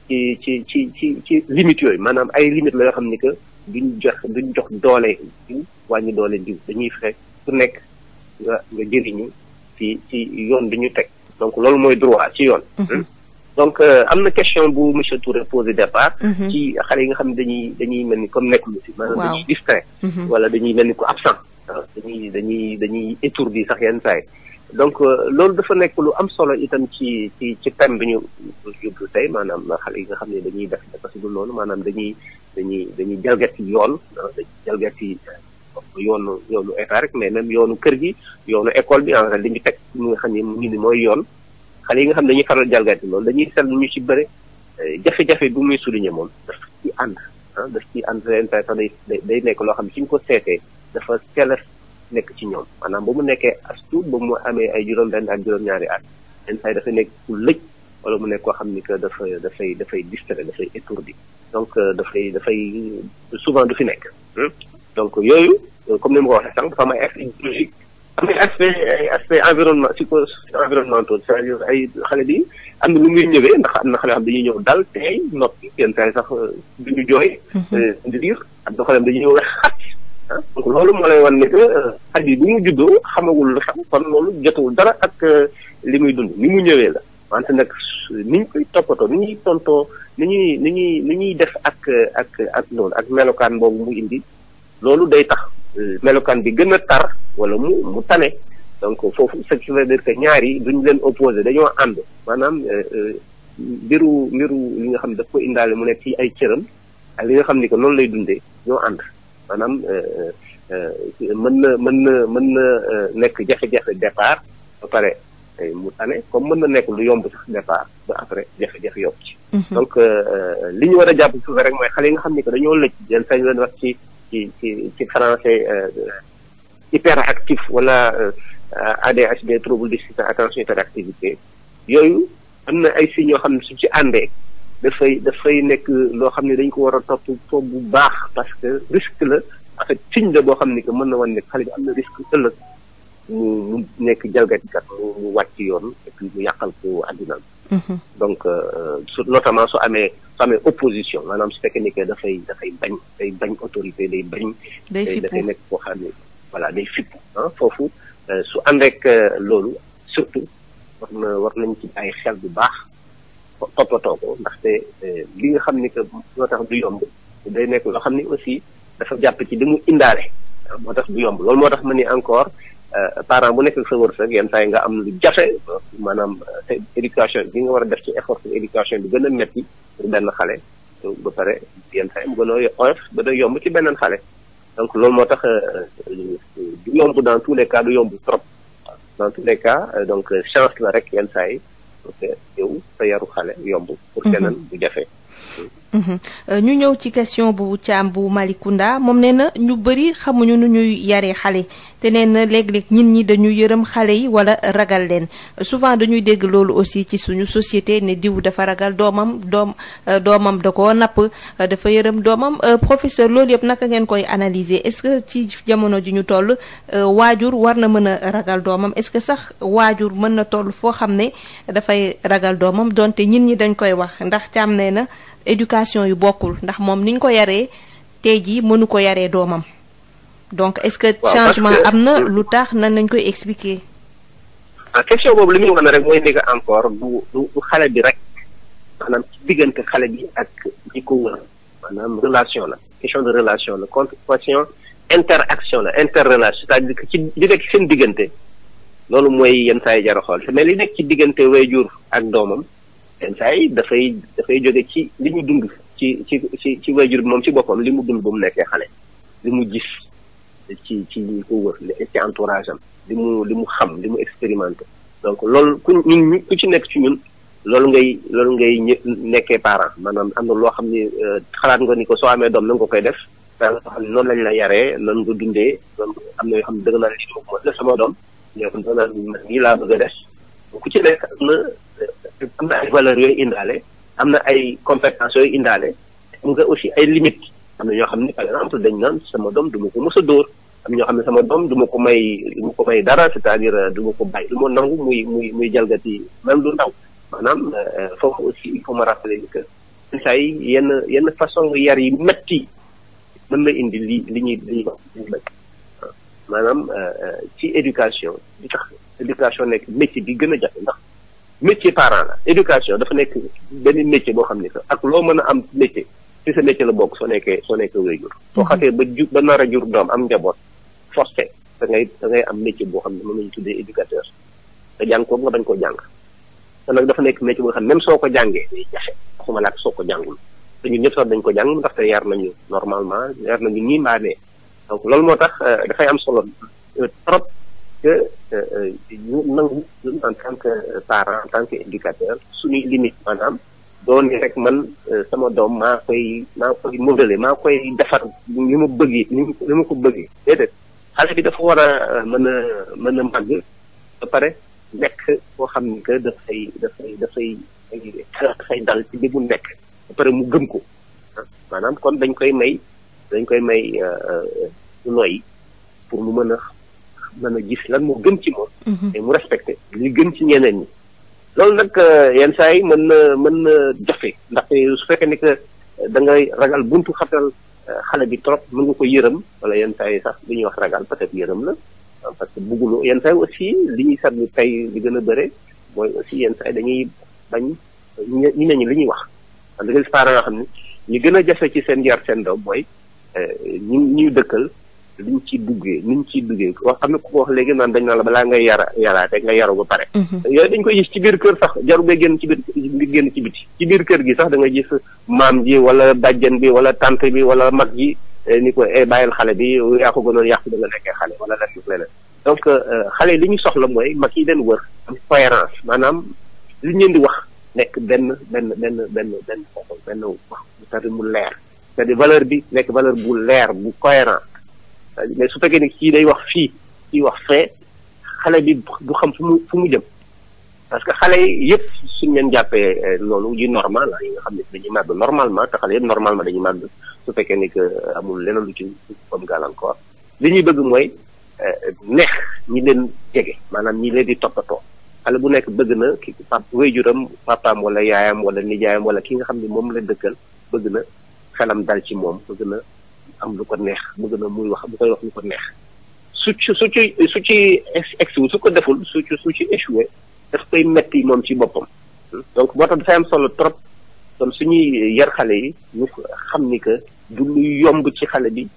ci ci ci ci ci limite yooyu maanaam ay limite la yoo xam ni que duñ jox duñ jox doole jiw wàññi doole jiw dañuy fexe ku nekk nga nga jëriñu ci ci yoon bi ñu teg donc loolu mooy droit ci yoon mhm. hmm? donc euh, am na question bu monsieur Touré posé départ mhm. ci xale yi nga xam ne dañuy dañuy mel ni comme nekkul si maanaam dañuy distrait mhm. wala dañuy mel ni ku absent ah, dañuy dañuy dañuy étourdi sax yenn saa donc euh, loolu dafa nekk lu am solo itam ci ci ci thème bi ñu jublu tey maanaam xale yi nga xam ne dañuy def parce que loolu maanaam dañuy dañuy dañuy jalgati yoon ah, dañuy jalgati yoonu yoonu état rek mais même yoonu kër gi yoonu école bi en li ñu teg ñi nga xam ne ñu ni mooy yoon xale yi nga xam ne dañuy faral jalgati loolu dañuy seetlu ñu ci bëre eh, jafe-jafe bi muy souligné moom daf ci ànd ah, daf ci ànd leen sax day day nekk loo xam ne suñ ko seetee dafa teel nekk ci ñoom maanaam ba mu nekkee as tuut ba mu amee ay juróom-benn ak juróom-ñaari at yenn saa yi dafa nekk ku lëj wala mu nekk koo xam ni que dafa dafay dafay distrait dafay étourdi donc euh, dafay dafay souvent du fi nekk. Hmm? donc yooyu euh, comme ni ma ko waxee sànq dafa am ay aspect biologique am ay aspect ay aspect environnement psycho environnementaux cest à ay xale bi am na lu muy ñëwee ndax am na xale xam dañuy ñëw dal tey noppi yenn saa yi sax euh, duñu jooy. Mm-hmm. di liir am na xale dañuy ñëw donc loolu moo lay wan ne que euh, at yi bi mu juddoo xamagul lu xam kon loolu jotuwul dara ak euh, li muy dund ni mu ñëwee la wante nag ni ñu koy toppatoo ni ñuy tontoo ni ñuy ni ñuy ni ñuy def ak ak ak loolu ak melokaan boobu mu indi loolu day tax euh, melokaan bi gën a tar wala mu mu tane donc foofu ce qui veut dire que ñaar duñ leen opposé dañoo ànd maanaam mbiru mbiru li nga xam ne daf ko indaale mu nekk ci ay cëram ak li nga xam ni que noonu lay dundee ñoo ànd maanaam euh, euh, euh, mën na mën na mën na nekk jafe-jafe départ ba pare tey mu tane comme mën na nekk lu yomb sax départ ba après jafe-jafe yokk ci. Mhm. donc li ñu war a jàpp suuf rek mooy xale yi nga xam ni que dañoo lëcc jël sañ leen wax ci ci ci ci français hyperactif wala ADHD trouble déficit attention hyperactivité yooyu am na ay signes yoo xam ne su ci àndee. dafay dafay nekk loo xam ne dañ ko war a topp foog bu baax parce que risque la en fait signe la boo xam ne que mën na wan ne xale bi am na risque ëllëg mu mu nekk jalgatikat mu wàcc yoon et puis mu yàqal ko àddina mhm. donc euh, su notamment su amee su amee opposition maanaam su fekkee ni que dafay dafay bañ day bañ autorité day bañ. day fippu nekk koo xam ne voilà day fippu foofu euh, su ànd rek euh, loolu surtout war na war nañ ci ay xel bu baax. toppatoo ko ndaxte eh, li nga xam ni que moo tax du yomb day nekk loo xam ni aussi dafa jàpp ci li mu moo tax du yomb loolu moo tax ma ni encore eh, parent bu nekk ak sa wërsëg yenn nga am lu jafe maanaam eh, éducation bi war a def ci effort éducation bi gën a benn xale ba pare yenn saa yi mu gën yomb ci beneen xale donc loolu moo tax du yomb dans tous les cas du yomb trop dans tous les cas donc chance la rek yenn saa yi parce que yow sa yaru xale yomb pour keneen bu mhm. jafe Mhm. Euh, ñu ñëw ci question bu Thiam bu Malicounda moom nee na ñu bëri xamuñu nu ñuy yare xale te nee na léeg-léeg ñi dañu yërëm xale yi wala ragal leen souvent dañuy dégg loolu aussi ci suñu société ne diw dafa ragal doomam doom euh, doomam da ko napp euh, dafa yërëm doomam professeur loolu yëpp naka ngeen koy analyser est-ce que ci jamono ji ñu toll waajur war na mën a ragal doomam est-ce que sax waajur mën na toll foo xam ne dafay ragal doomam donte ñit ñi dañ koy wax ndax Thiam nee na éducation yu bokkul ndax moom niñ ko yaree tey jii mënu ko yaree doomam donc est-ce que changement am na lu tax nan nañ koy expliquer ah question boobu li muy wane rek mooy ni encore du du xale bi rek maanaam ci diggante xale bi ak ñi ko wër maanaam relation la question de relation la contre question interaction la interrelation c'est-à-dire que ci li nekk seen diggante loolu mooy yenn saa yi xool mais li nekk ci diggante wayjur ak doomam yenn saa yi dafay dafay jóge ci li ñu dund ci ci ci ci wayjur bi moom ci boppam li mu dund ba mu nekkee xale li mu gis ci ci ñi ko wër ci mu li mu xam li mu expérimenté donc loolu ku ñun ku ci nekk ci ñun loolu ngay loolu ngay nekkee parent maanaam am na loo xam ni euh, xalaat nga ni ko soo amee doom na ko koy def daal lañ la yaree noonu nga dundee noonu am na yoo xam ne dëgg naa lii moom mooy def sama doom nii laa bëgg a ku ci nekk am na ay valeur yooyu indaale am na ay compétences yooyu indaale am nga aussi ay limites am na ñoo xam ne par dañ naan sama doom du ko mës a dóor am ñoo xam ne sama doom duma ko may du ko may dara c'est-à-dire euh, du ko bàyyi du ma nangu muy muy muy jalgati même lu ndaw maanaam euh, foofu aussi il ma rappeler yenn yenn façon yar yi metti mën na indi li li ñuy li ñuy maanaam euh, ci éducation bi tax éducation nekk métier bi gën a jafe ndax métier parent la éducation dafa nekk benn métier boo xam ne que ak loo mën a am métier ci sa métier la bokk soo nekkee soo nekkee wéyjur. soo xasee ba ju ba nar a jur doom am njaboot forcé da ngay da ngay am métier boo xam ne moom la ñu tuddee éducateur nga ko nga bañ koo jàng nag dafa nekk métier boo xam ne même soo ko jàngee day jafe waxuma laak soo ko jàngul te ñun sax dañ ko jàng ndaxte yar nañu normalement yar nañu ñii mbaa nee donc loolu moo tax euh, dafay am solo euh, trop. que euh, euh, ñu nangu ñun en tant que euh, parent en tant que éducateur suñuy limite maanaam doon rek man sama doom maa koy maa koy modelé maa koy defar ni ma bëggee ni ma ko bëggee déedéet xale bi dafa war a mën a mën a màgg ba pare nekk koo xam ni que dafay dafay dafay dafay dal ci li mu nekk ba pare mu gëm ko maanaam kon dañ koy may dañ koy may su noyyi pour mu mën a mën a gis lan moo gën ci moom. Mhm. mu respecté li gën ci ñeneen ñi. loolu nag euh, yenn saa yi mën na mën na jafe ndax su fekkee ni que euh, da ngay ragal buntu xatal euh, xale bi trop mën nga ko yërëm wala yenn saa yi sax lu ñuy wax ragal peut-être yërëm la parce que bugguloo yenn saa aussi li ñuy seetlu tey li gën a bëre mooy aussi yenn dañuy bañ ñu ne li ñuy wax. da nga gis parents yoo xam ni ñu gën a jafe ci seen yar seen doom mooy ñi ñuy dëkkal. liñ ciy duggee niñ ciy duggee wax am na ku ko wax léegi naan dañ naan la balaa ngay yara yaraate nga yaru bu pare mhm. yooyu dañ koy gis ci biir kër sax jaru ngay génn ci biir génn ci biti ci biir kër gi sax da nga gis maam ji wala bàjjan bi wala tant bi wala mag ji eh, ni ko e bàyyil xale bi yaa ko gënoon yàq da nga nekkee xale wala leneen leneen donc euh, euh, xale li ñu soxla mooy mag yi leen wër am cohérence maanaam li ñu leen di wax nekk benn benn benn benn benn benn wax c'est-à-dire mu leer c'est-à-dire bi nekk valeur bu leer bu cohérent mais su fekkee ne kii day wax fii kii wax fee xale bi du xam fu mu fu mu jëm parce que xale yi yëpp suñ leen jàppee eh, loolu ji normal yi nga xam ne dañuy màgg normalement te xale yëpp normalement dañuy màgg su fekkee ni que amul leneen lu ci am gàllankoor li ñuy bëgg mooy eh, neex ñi leen jege maanaam ñi leen di toppatoo xale bu nekk bëgg na ki pap wéyjuram papaam wala yaayam wala nijaayam wala ki nga xam ne moom la dëkkal bëgg na xelam dal ci moom bëgg na am lu ko neex bëgg na muy wax bu koy wax lu ko neex su ci su ci su ci ex su ko deful su ci su ci échoué daf koy metti moom ci boppam. donc moo tax dafay am solo trop kon suñuy yar xale yi ñu xam ni que du lu yomb ci xale bi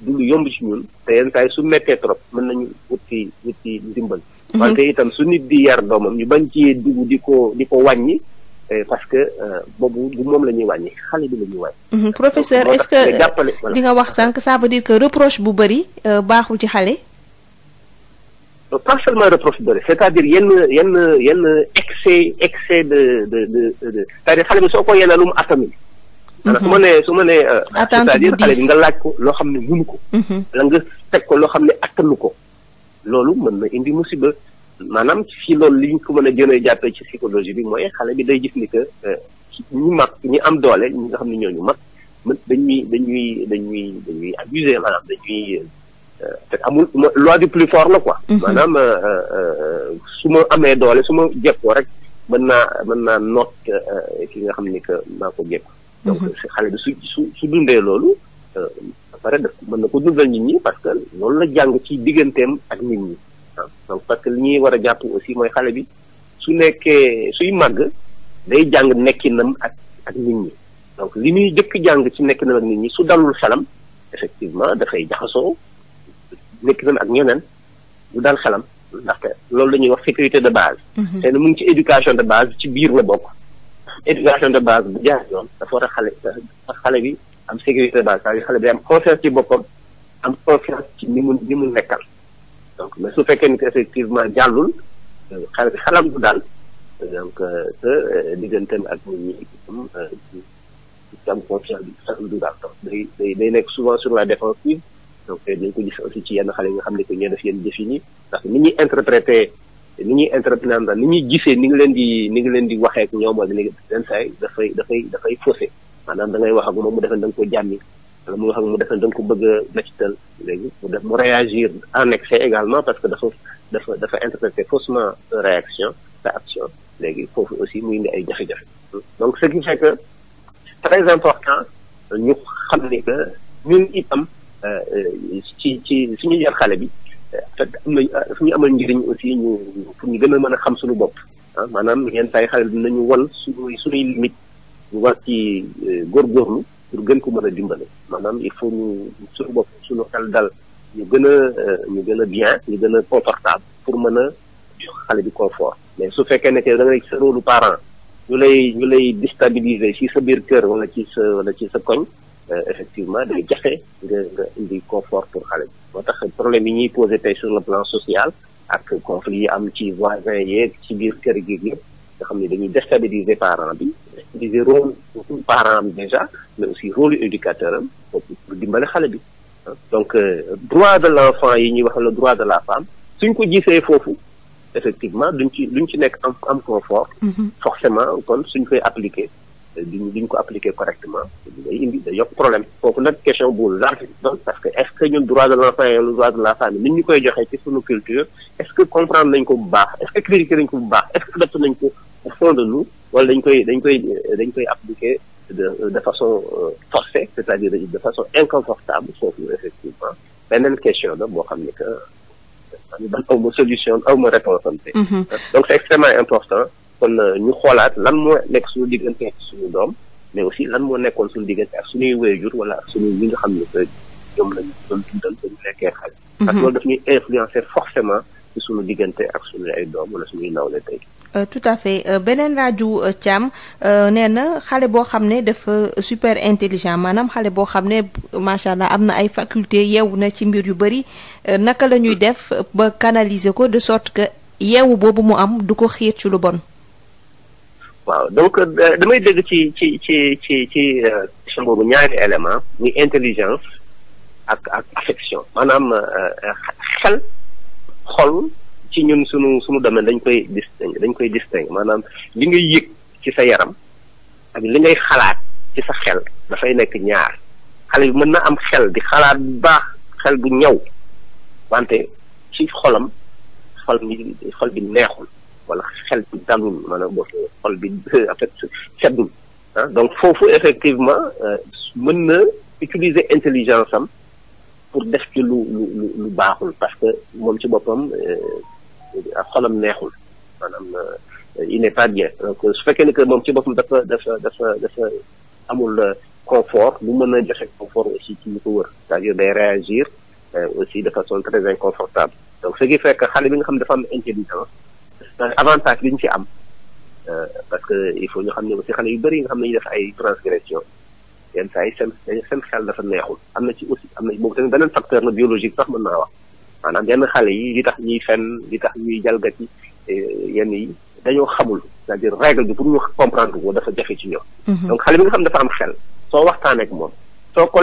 du yomb ci ñun te yenn saa yi su mettee trop mën nañu wuti wuti ndimbal. Mhm. wante itam su nit di yar doomam ñu bañ ci dugg di ko di ko wàññi. Euh, parce que euh, boobu du moom la ñuy wàññi xale bi la ñuy wàññi. Mhm. professeur est-ce que di nga wax sànq saa veut dire que reproche bu bari euh, baaxul ci xale. pas seulement reproche bu bëri c'est-à-dire yenn yenn yenn excès excès de de de de dire xale bi soo ko yéene lu mu atami. Mhm. su ma nee su ma nee. c'est-à-dire nga laaj ko loo xam ne mënu ko. Mhm. la nga teg ko loo xam ne attanu ko loolu mën na indi musiba. maanaam si loolu liñ ko mën a gën a jàppee ci psychologie bi mooy xale bi day gis ni que euh, ñu mag ñi am doole ñi nga xam ne ñooñu mag dañuy dañuy dañuy dañuy abusé maanaam dañuy euh, te amul loi du plus fort la quoi. Mhm. maanaam euh, su ma amee doole su ma jekkoo rek mën naa mën naa noot ki nga xam ni que maa ko jekk. Mhm. donc xale bi su su su dundee loolu. ba pare mën na ko dundal nit ñi parce que loolu la jàng ci digganteem ak nit ñi. ah donc parce que li ñuy war a jàpp aussi mooy xale bi su nekkee suy màgg day jàng nekkinam ak ak nit ñi donc li muy jëkk jàng ci nekkinam ak nit ñi su dalul xelam effectivement dafay jaxasoo nekkinam ak ñeneen du dal xelam ndaxte loolu la ñuy wax sécurité de base. Mhm. te mu ngi ci éducation de base ci biir la bokk. éducation de base bu jaar yoon dafa war a xale bi am sécurité de base c'est-à-dire xale bi am confiance ci boppam am confiance ci ni mu ni mu nekkal. donc mais su fekkee nit effectivement jàllul xel xelam du daal donc te euh, digganteem ak nit ñi itam euh, ci am conscience xelam du daal donc day day day nekk souvent sur la défensive donc dañ ko gis aussi ci yenn xale yi nga xam ne que ñoo def yenn défini ni ñuy interpréter ni ñuy interpréter ni ñuy gisee ni ngi leen di ni ngi leen di waxee ak ñoom wala ni leen saay dafay dafay dafay faussé maanaam da ngay wax ak moom mu defe da nga ko jàmmi wala mu nga xam ne mu defee dañ ko bëgg a méccital léegi mu def mu réagir en excès également parce que dafa dafa dafa interpréter faussement réaction sa action léegi foofu aussi mu indi ay jafe-jafe donc ce qui fait que très important ñu xam ni que ñun itam euh, euh, ci ci suñu yar xale bi en fait am na suñu amal njëriñ aussi ñu pour ñu gën a mën a xam suñu bopp ah, maanaam yenn saa yi xale bi dinañu wal suñuy suñuy limite ñu war ci euh, góor góorlu pour gën ko mën a dimbale maanaam il faut ñu suñu bopp suñu xel dal ñu gën a euh, ñu gën a bien ñu gën a confortable pour mën a jox xale bi confort mais su fekkee ne que da ngay sa rôle parent ñu lay ñu lay déstabiliser si sa biir kër wala ci sa wala ci sa koñ euh, effectivement day jafe nga nga indi confort pour xale bi moo tax problème yi ñuy posé tey sur le plan social ak conflit yi am ci voisin yeeg ci biir kër gi yëpp nga xam ne dañuy déstabiliser parent bi je disais rôle parent am déjà mais aussi rôle éducateur am pour dimbale euh, de de la femme suñ ko gisee ci duñ ci nekk am am confort mhm. forcément kon suñ koy appliquer duñ duñ ko bu large donc de de la femme nit koy joxee ci sunu culture est-ce que comprendre nañ ko bu baax est-ce que critiquer nañ ko bu baax est-ce que adapté nañ ko au fond de wala dañ koy dañ koy dañ koy appliquer de de façon euh, forcée c'est-à-dire de façon inconfortable foofu effectivement beneen question la boo xam ne que man aw ma solution aw ma réponse am mhm. donc c'est extrêmement important kon euh, ñu xoolaat lan moo nekk suñu diggante ak suñu doom mais aussi lan moo nekkoon suñu diggante ak suñuy wéyjur wala ak suñuy ñi xam ne que ñoom ñu doon dundal ba ñu nekkee xale mhm. parce que loolu daf ñuy influencer forcément ci suñu diggante ak suñu ay doom wala suñuy nawle tey. Euh, tout à fait euh, beneen rajo euh, Thiam nee na xale boo xam ne dafa super intelligent maanaam xale boo xam ne macha allah am na ay faculté yeewu na ci mbir yu bëri naka la ñuy def ba canaliser ko de sorte que yeewu boobu mu am du ko xiir ci lu bon. waaw donc damay dégg ci ci ci ci ci question boobu ñaari élément muy intelligence ak ak affection maanaam xel. xol ci ñun sunu sunu domaine dañ koy distingue dañ koy distingue maanaam li ngay yëg ci sa yaram ak li ngay xalaat ci sa xel dafay nekk ñaar xale bi mën na am xel di xalaat bu baax xel bu ñaw wante ci xolam xol bi xol bi neexul wala xel bi dalul maanaam boo xol bi [LAUGHS] en fait seddul ah, donc foofu effectivement euh, mën na utiliser intelligence am pour def ci lu lu lu baaxul parce que moom ci boppam euh, xolam neexul maanaam euh, il n'est pas bien donc su fekkee ne que moom ci boppam dafa dafa dafa dafa amul euh, confort lu mën a joxe confort aussi ci ñu ko wër c'est-à-dire day réagir aussi de façon très inconfortable donc ce qui xale bi nga xam ne dafa am intelligence avantage bi ñu ci am parce que il faut ñu xam ne aussi xale yu bëri nga xam ne ñu def ay transgression yenn saa yi seen seen xel dafa neexul am na ci aussi am na boobu tamit beneen facteur la biologique sax mën naa wax maanaam yenn xale yi li tax ñuy fenn li tax ñuy jalgati eh, yenn yi dañoo xamul c'est-à-dire règle bi pour ñu comprendre ko dafa jafe ci ñoom. Mhm. donc xale bi nga xam dafa ko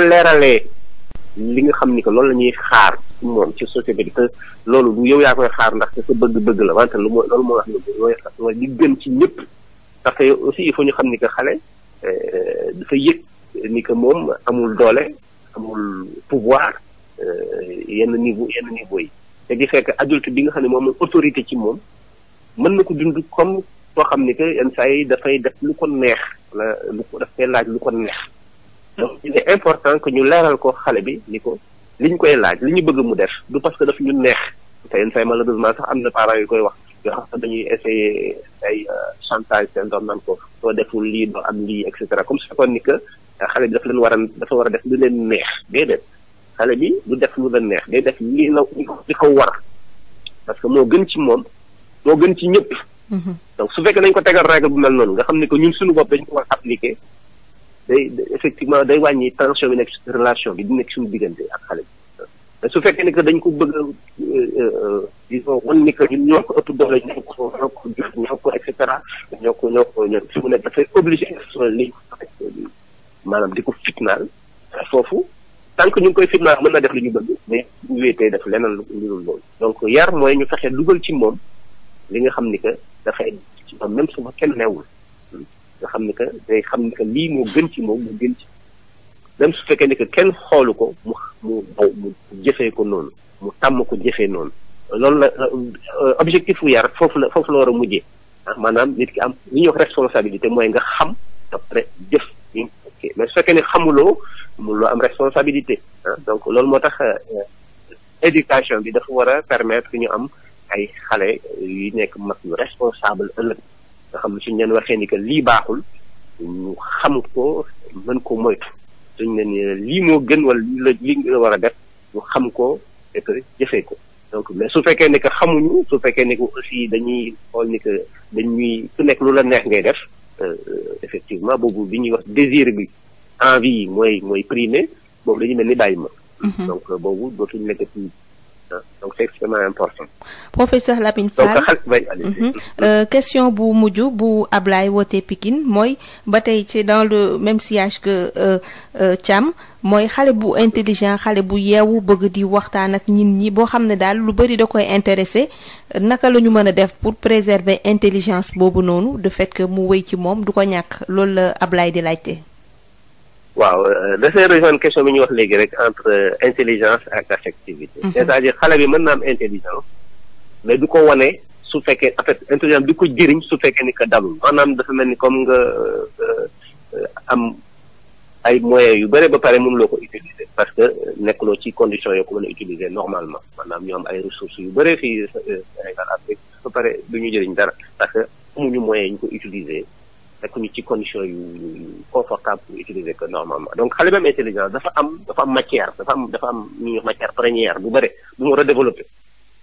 li nga xam ni que loolu la ñuy xaar ci moom ci société bi te loolu du yow yaa koy xaar ndax te sa bëgg-bëgg la wante lu mooy loolu moo wax ne mooy li gën ci ñëpp ndaxte aussi il faut ñu xam ni que xale eh, dafa yëg. ni que moom amul doole amul pouvoir euh, yenn niveau yenn niveau yi te di fekk adulte bi nga xam ne moom mooy autorité ci moom mën na ko dund comme koo xam ni que yenn saa dafay def lu ko neex wala lu ko dafay laaj lu ko neex donc important ñu leeral ko xale bi ni ko li ñu koy laaj li ñu bëgg mu def du parce que daf ñu neex te yenn saa yi malheureusement sax am na parents yu koy wax yoo xam ne dañuy essayer ay euh, chantage seen doom naan ko soo deful lii doo am lii et cetera comme ni xale bi dafa leen war a dafa war a def lu leen neex déedéet xale bi du def lu leen neex day def li la li ko war parce que moo gën ci moom moo gën ci ñëpp. Mhm. donc su fekkee nañ ko tegal règle bu mel noonu nga xam ne que ñun suñu bopp dañ ko war appliquer day effectivement day wàññi tension bi nekk relation bi di nekk suñu diggante ak xale bi mais su fekkee ne que dañ ko bëgg a euh, euh, disons wan ni que ñoo ko ëpp doole ñoo ko ñoo ñoo ko ñoo ko ñoo ko ñoo nekk dafay obligé maanaam di ko fitnaal foofu tant ñu ngi koy fitnaal mën na def li ñu bëgg mais bu wéetee def leneen lu dul loolu. donc yar mooy ñu fexe dugal ci moom li nga xam ni que dafay ci moom même su ma kenn newul nga xam ni que day xam ni que lii moo gën ci moom moo gën ci même su fekkee ni que kenn xoolu ko mu mu mu jëfee ko noonu mu tàmm ko jëfee noonu. loolu la euh, objectif wu yar foofu la foofu la war a mujjee ah, maanaam nit ki am li ñuy wax responsabilité mooy nga xam après jëf mais su fekkee ne xamuloo mënuloo am responsabilité ah donc loolu moo tax euh, éducation bi dafa war a permettre ñu am ay xale yu nekk mag yu responsable ëllëg nga xam ne suñ leen waxee ni que lii baaxul ñu ko mën ko moytu suñ leen lii moo gën wala lii la nga war a def ñu xam ko et que jëfee ko donc mais su fekkee ne que xamuñu su fekkee ne que aussi dañuy xool ni que dañuy ku nekk lu la neex ngay def Euh, effectivement boobu bi ñuy wax désir bi envie yi mooy mooy primé boobu dañu mel ni bàyyi ma mhm. donc euh, boobu dootuñu nekkati donc c'est professeur Lamine Fall [LAUGHS] mhm. euh, question bu mujj bu Ablaye wootee Pikine mooy ba tey ci dans le même sillage que euh, euh, Thiam mooy xale bu intelligent xale bu yeewu bëgg di waxtaan ak nit ñi boo xam ne daal lu bari da koy intéressé naka la ñu mën a def pour préserver intelligence boobu noonu de fait que mu wéy ci moom du ko ñàkk loolu la Ablaye di laajte. waaw euh, dafay rejoindre question bi ñu wax léegi rek entre euh, intelligence ak affectivité. Mhm. c'est-à-dire xale bi mën na am intelligence. mais du ko wane su fekkee en fait intelligence du ko jëriñ su fekkee ni ko dalul maanaam dafa mel ni comme nga euh, am ay moyens yu bëre ba pare moom loo ko utiliser. parce que nekkuloo ci condition yoo ko mën a utiliser normalement maanaam ñoo am ay ressources yu bëre fii Sénégal Afrique ba pare bu ñu jëriñ dara parce que amuñu moyens yu ñu ko utiliser. nekkuñu ci condition yu yu confortable pour utiliser que normalement donc xale bi am intelligence dafa am dafa am matière dafa am dafa am ñu wax matière première bu bëri bu mu war a développer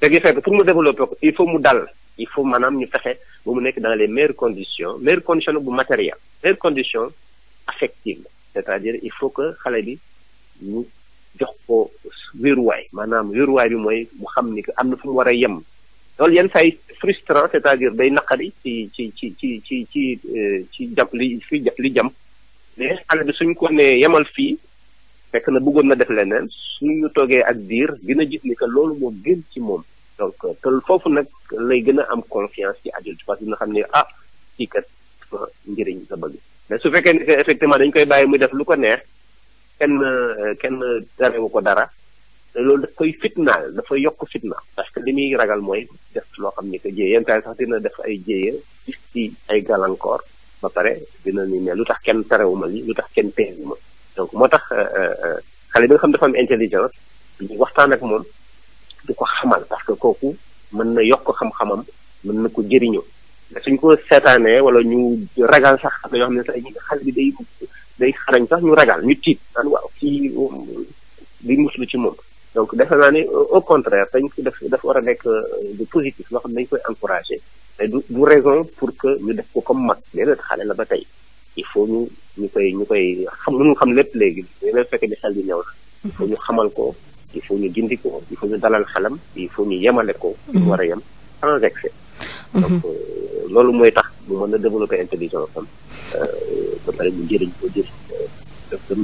léegi fekk pour mu développer ko il faut mu dal il faut maanaam ñu fexe ba mu nekk dans les meilleures conditions meilleures conditions nag bu matériel meilleures conditions affectives c'est-à-dire il faut que xale bi mu jox ko wéeruwaay maanaam wéeruwaay bi mooy mu xam ni que am na fu mu war a yem loolu yenn saa yi frustrant c'est-à-dire day naqari ci ci ci ci ci ci euh, ci jam li fi li jam mais xale bi suñ ko nee yemal fii fekk na bëggoon na def leneen suñu toogee ak diir dina gis ni que loolu moo gën ci moom donc euh, te foofu nag lay gën a am confiance ci adulte parce que dina xam ni ah kii kat njëriñ sa bëgg mais su fekkee ne effectivement dañ koy bàyyi muy def lu ko neex kenn euh, kenn darewu ko dara loolu daf koy fitnaal dafa yokk fitna parce que li muy ragal mooy def loo xam ni que jéye yenn sax dina def ay jéye gis ci ay gàllankoor ba pare dina ni ne lu tax kenn terewuma li lu tax kenn teewuma donc moo tax euh, euh, euh, xale bi nga xam dafa am intelligence ñu waxtaan ak moom di ko xamal parce que kooku mën na yokk xam-xamam mën na ko jëriñoo suñ ko seetaanee wala ñu ragal sax am na yoo xam ne xale bi day xarañ sax ñu ragal ñu tiit naan waaw kii donc defe naa ne euh, au contraire dañ ko def dafa war a nekk euh, du positif loo xam ne dañ koy encouragé mais du du raison pour que ñu def ko comme mag léeg xale la ba tey il faut ñu ñu koy ñu koy xam lu ñu xam lépp léegi léeg fekk ni xel di ñëw na il faut ñu xamal ko il faut ñu gindi ko il faut ñu dalal xelam il faut ñu yemale ko a yem sans excès mhm. donc euh, loolu mooy tax mu mën a développer intelligence am ba pare mu njëriñ ko jëf def sam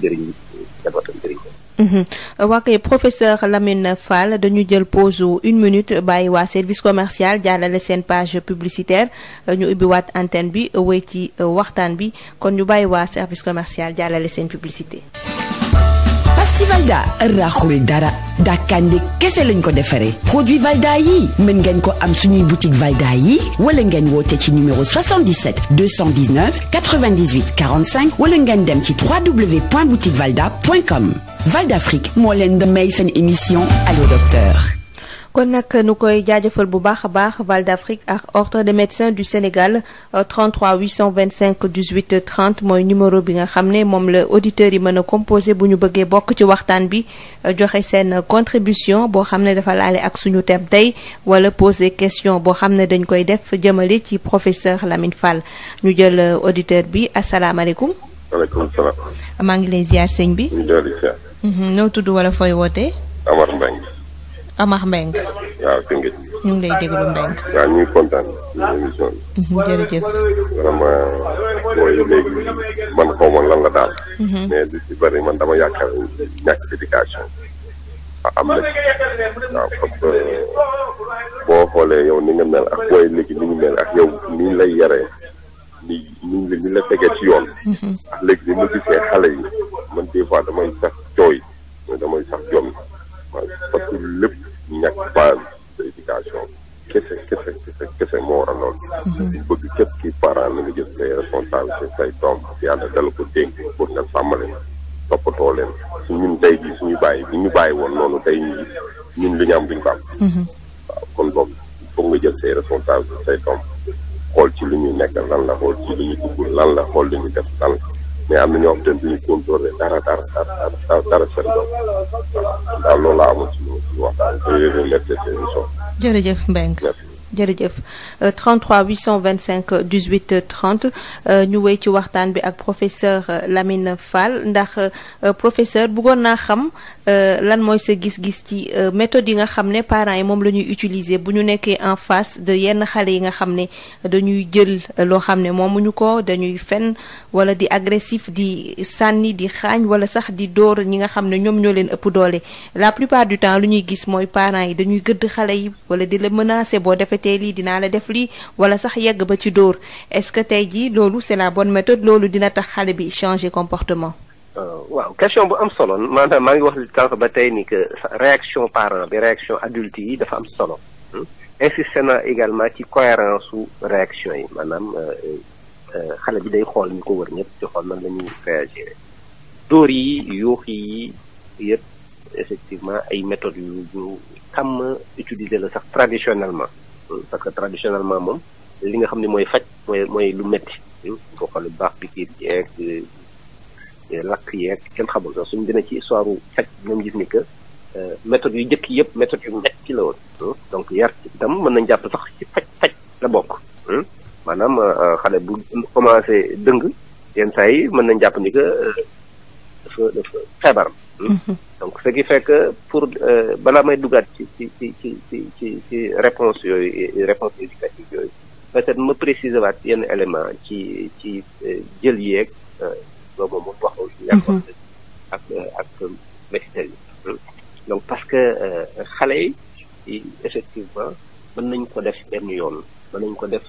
Mm-hmm. waa kay professeur Lamine Fall dañu jël pause une minute bàyyi waa service commercial jàllale seen page publicitaire ñu ubbiwaat antenne bi wéy ci waxtaan bi kon ñu bàyyi waa service commercial jàllale seen publicité. festival da raxul dara dàkkande kese lañ ko defaree produit Valda yi mën ngeen ko am suñuy boutique Valda yi wala ngeen woote ci numéro 77 219 98 45 wala ngeen dem ci www.boutiquevalda.com Valda Afrique moo leen di may seen émission Allo Docteur kon nag nu koy jaajëfal bu baax a baax Val d'Afrique ak ordre des médecins du Sénégal 33 825 18 30 mooy numéro bi nga xam ne moom la auditeurs yi mën a composé bu ñu bëggee bokk ci waxtaan bi euh, joxe seen contribution boo xam ne dafa laale ak suñu thème tey wala posé question boo xam ne dañ koy def jëmale ci professeur Lamine Fall ñu jël euh, auditeur bi asalaamaaleykum. maa ngi lay ziar sëñ bi. ñu mhm, noo tudd wala fooy woote Amar Mbengue. waaw Tëngéej. kontaan émission bi. Mhm, jërëjëf. vraiment mooy léegi man xaw ma la daal. Mhm. mais man dama yaakaar ñàkk a am na waaw parce que boo xoolee yow ni nga mel a booy léegi ni ñu mel ak yow ni lay yaree ni ni ñu la tegee ci yoon. Mhm. ak léegi ni mu gisee xale yi man des fois damay sax jooy damay sax jom parce lépp. ñàkk base de éducation kese kese kese kese moo waral lool. ñu mhm. bëgg képp ki parent na nga jël say responsabilité say doom yàlla dala ko dénk pour nga sàmmale toppatoo leen su ñun tey jii suñu bàyyi bi ñu bàyyi woon noonu tey ñun li ñu am duñ ko am. Mhm. waaw kon boog foog nga jël say responsabilité say doom xool ci lu ñuy nekk lan la xool ci lu ñuy dugg lan la xool lu ñu def lan la. mais am na ñoo xamante ne du ñu contrôlé dara dara dara dara dara seen doom daal loolu laa amoon ci lu ci waxtaan bi yéen a lekk ñu wéy ci waxtaan bi ak professeur euh, Lamine Fall ndax euh, professeur bëggoon naa xam Euh, lan mooy sa gis-gis ci euh, méthode yi nga xam ne parent yi moom la ñuy utiliser bu ñu nekkee en face de yenn xale yi nga xam ne dañuy jël loo xam ne moomuñu ko dañuy fen wala di agressif di sànni di xaañ wala sax di dóor ñi nga xam ne ñoom ñoo leen ëpp doole la plupart du temps lu ñuy gis mooy parent yi dañuy gëdd xale yi wala di la menacer boo defetee lii dinaa la def lii wala sax yegg ba ci dóor est-ce que tey jii loolu c'est la bon métode loolu dina tax bi changer comportement Euh, waaw question bu am solo maanaam maa ngi wax sànq ba tey ni que réaction parent bi réaction adulte yi dafa am solo hmm? insisté na également ci cohérence su réaction yi maanaam euh, euh, xale bi day xool ñu ko wër ñëpp ci xool nan la ñuy dóor yi yuux yi yëpp effectivement ay méthodes yu ñu xam utiliser la sax traditionnellement hmm? parce que traditionnellement moom li nga xam ne mooy faj mooy mooy lu métti ko hmm? xool bu baax pikiir jeeg Euh, lakk yeeg kenn xamul sax suñu demee ci histoire u faj ñoom gis ni que euh, méthodes yu njëkk yëpp méthodes yu ci la woon donc yar itam mën nañ jàpp sax ci faj faj la bokk maanaam euh, xale bu commencé dëng yenn saa yi mën nañ jàpp ni que dafa dafa feebar mm-hmm. donc pour balaa may dugaat ci ci ci ci ci réponse yooyu réponse éducative yooyu peut-être ma préciser waat yenn élément ci ci jël yeeg loolu moom moo wax mhm. parce que euh, xale yi effectivement mën nañ ko def yoon mën nañ ko def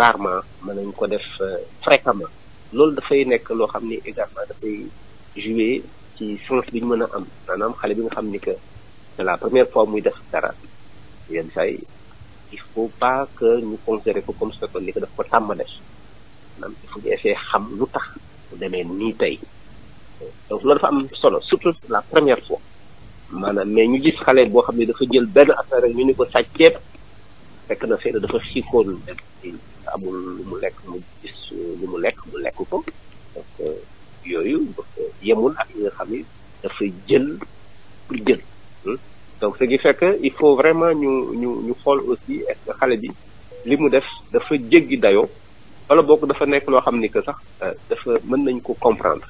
rarement mën nañ ko def euh, fréquemment loolu dafay nekk loo xam ni également dafay jouer ci sens bi ñu mën a am maanaam xale bi nga xam ni que c'est la première fois muy def dara yenn saa yi il faut pas que ñu considérer ko comme ce que ni que daf ko tàmm def. maanaam il faut ñu xam lu tax mu demee nii tey donc loolu dafa am solo surtout la première fois maanaam mais ñu gis xale boo xam ne dafa jël benn affaire rek ñu ni ko sàcceeb fekk na xëy dafa xiifoon amul lu mu lekk mu gis lu mu lekk mu lekk ko donc euh, yooyu yemul ak yi nga xam ni dafa jël pour jël hmm. donc ce qui fait il faut vraiment ñu ñu ñu xool aussi xale bi li mu def dafa jéggi dayoo wala bokk dafa nekk loo xam ni que sax euh, dafa mën nañ ko comprendre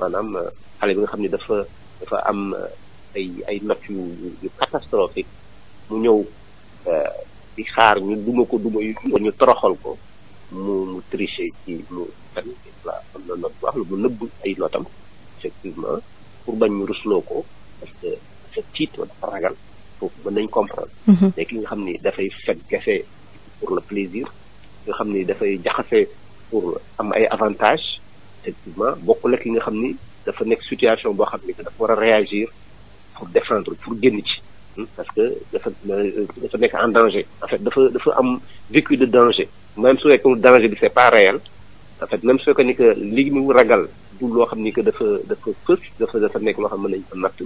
maanaam euh, xale bi nga xam ni dafa dafa am euh, ay ay not yu yu catastrophique mu ñëw di xaar ñu duma ko duma yu ñu toroxal ko mu mu tricher ci mu fen am na not bu wax la bu nëbb ay notam effectivement pour bañ mu rusloo ko parce que dafa tiit dafa ragal mën nañ comprendre mais mhm. nga xam ni dafay fen kese pour le plaisir nga xam ni dafay jaxase pour am ay avantages effectivement bokkul ak ki nga xam ni dafa nekk situation boo xam ni dafa war a réagir pour défendre pour génn ci hmm, parce que dafa dafa nekk en danger en fait dafa dafa am vécu de danger même su fekkee danger bi c'est pas réel en fait même su fekkee ni wu ragal du loo xam ni que dafa dafa fës dafa dafa nekk loo xam ne mën nañu ko natt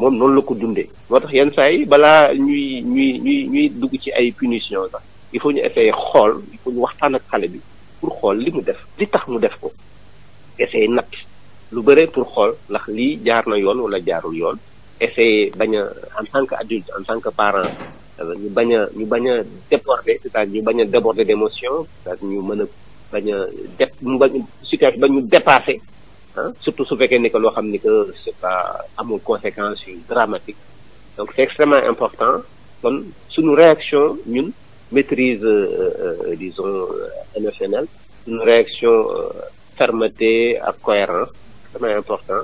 moom noonu la ko dundee moo tax yenn saa yi balaa ñuy ñuy ñuy ñuy dugg ci ay punition sax il faut ñu essayer xool il faut ñu waxtaan ak xale bi pour xool li mu def li tax mu def ko essayer nag lu bëre pour xool ndax lii jaar na yoon wala jaarul yoon essayer bañ a en tant que adulte en tant que parent euh, ñu bañ a ñu bañ a déborder cest à ñu bañ a déborder d'émotion c'est-à-dire ñu mën a bañ a def mu ñu dépassé ah surtout su fekkee ni que loo xam ni que c'est pas amul conséquence yu dramatique donc c'est extrêmement important kon suñu réaction ñun maîtrise, euh, euh, disons, euh, émotionnelle, une réaction fermeté ak cohérence damay important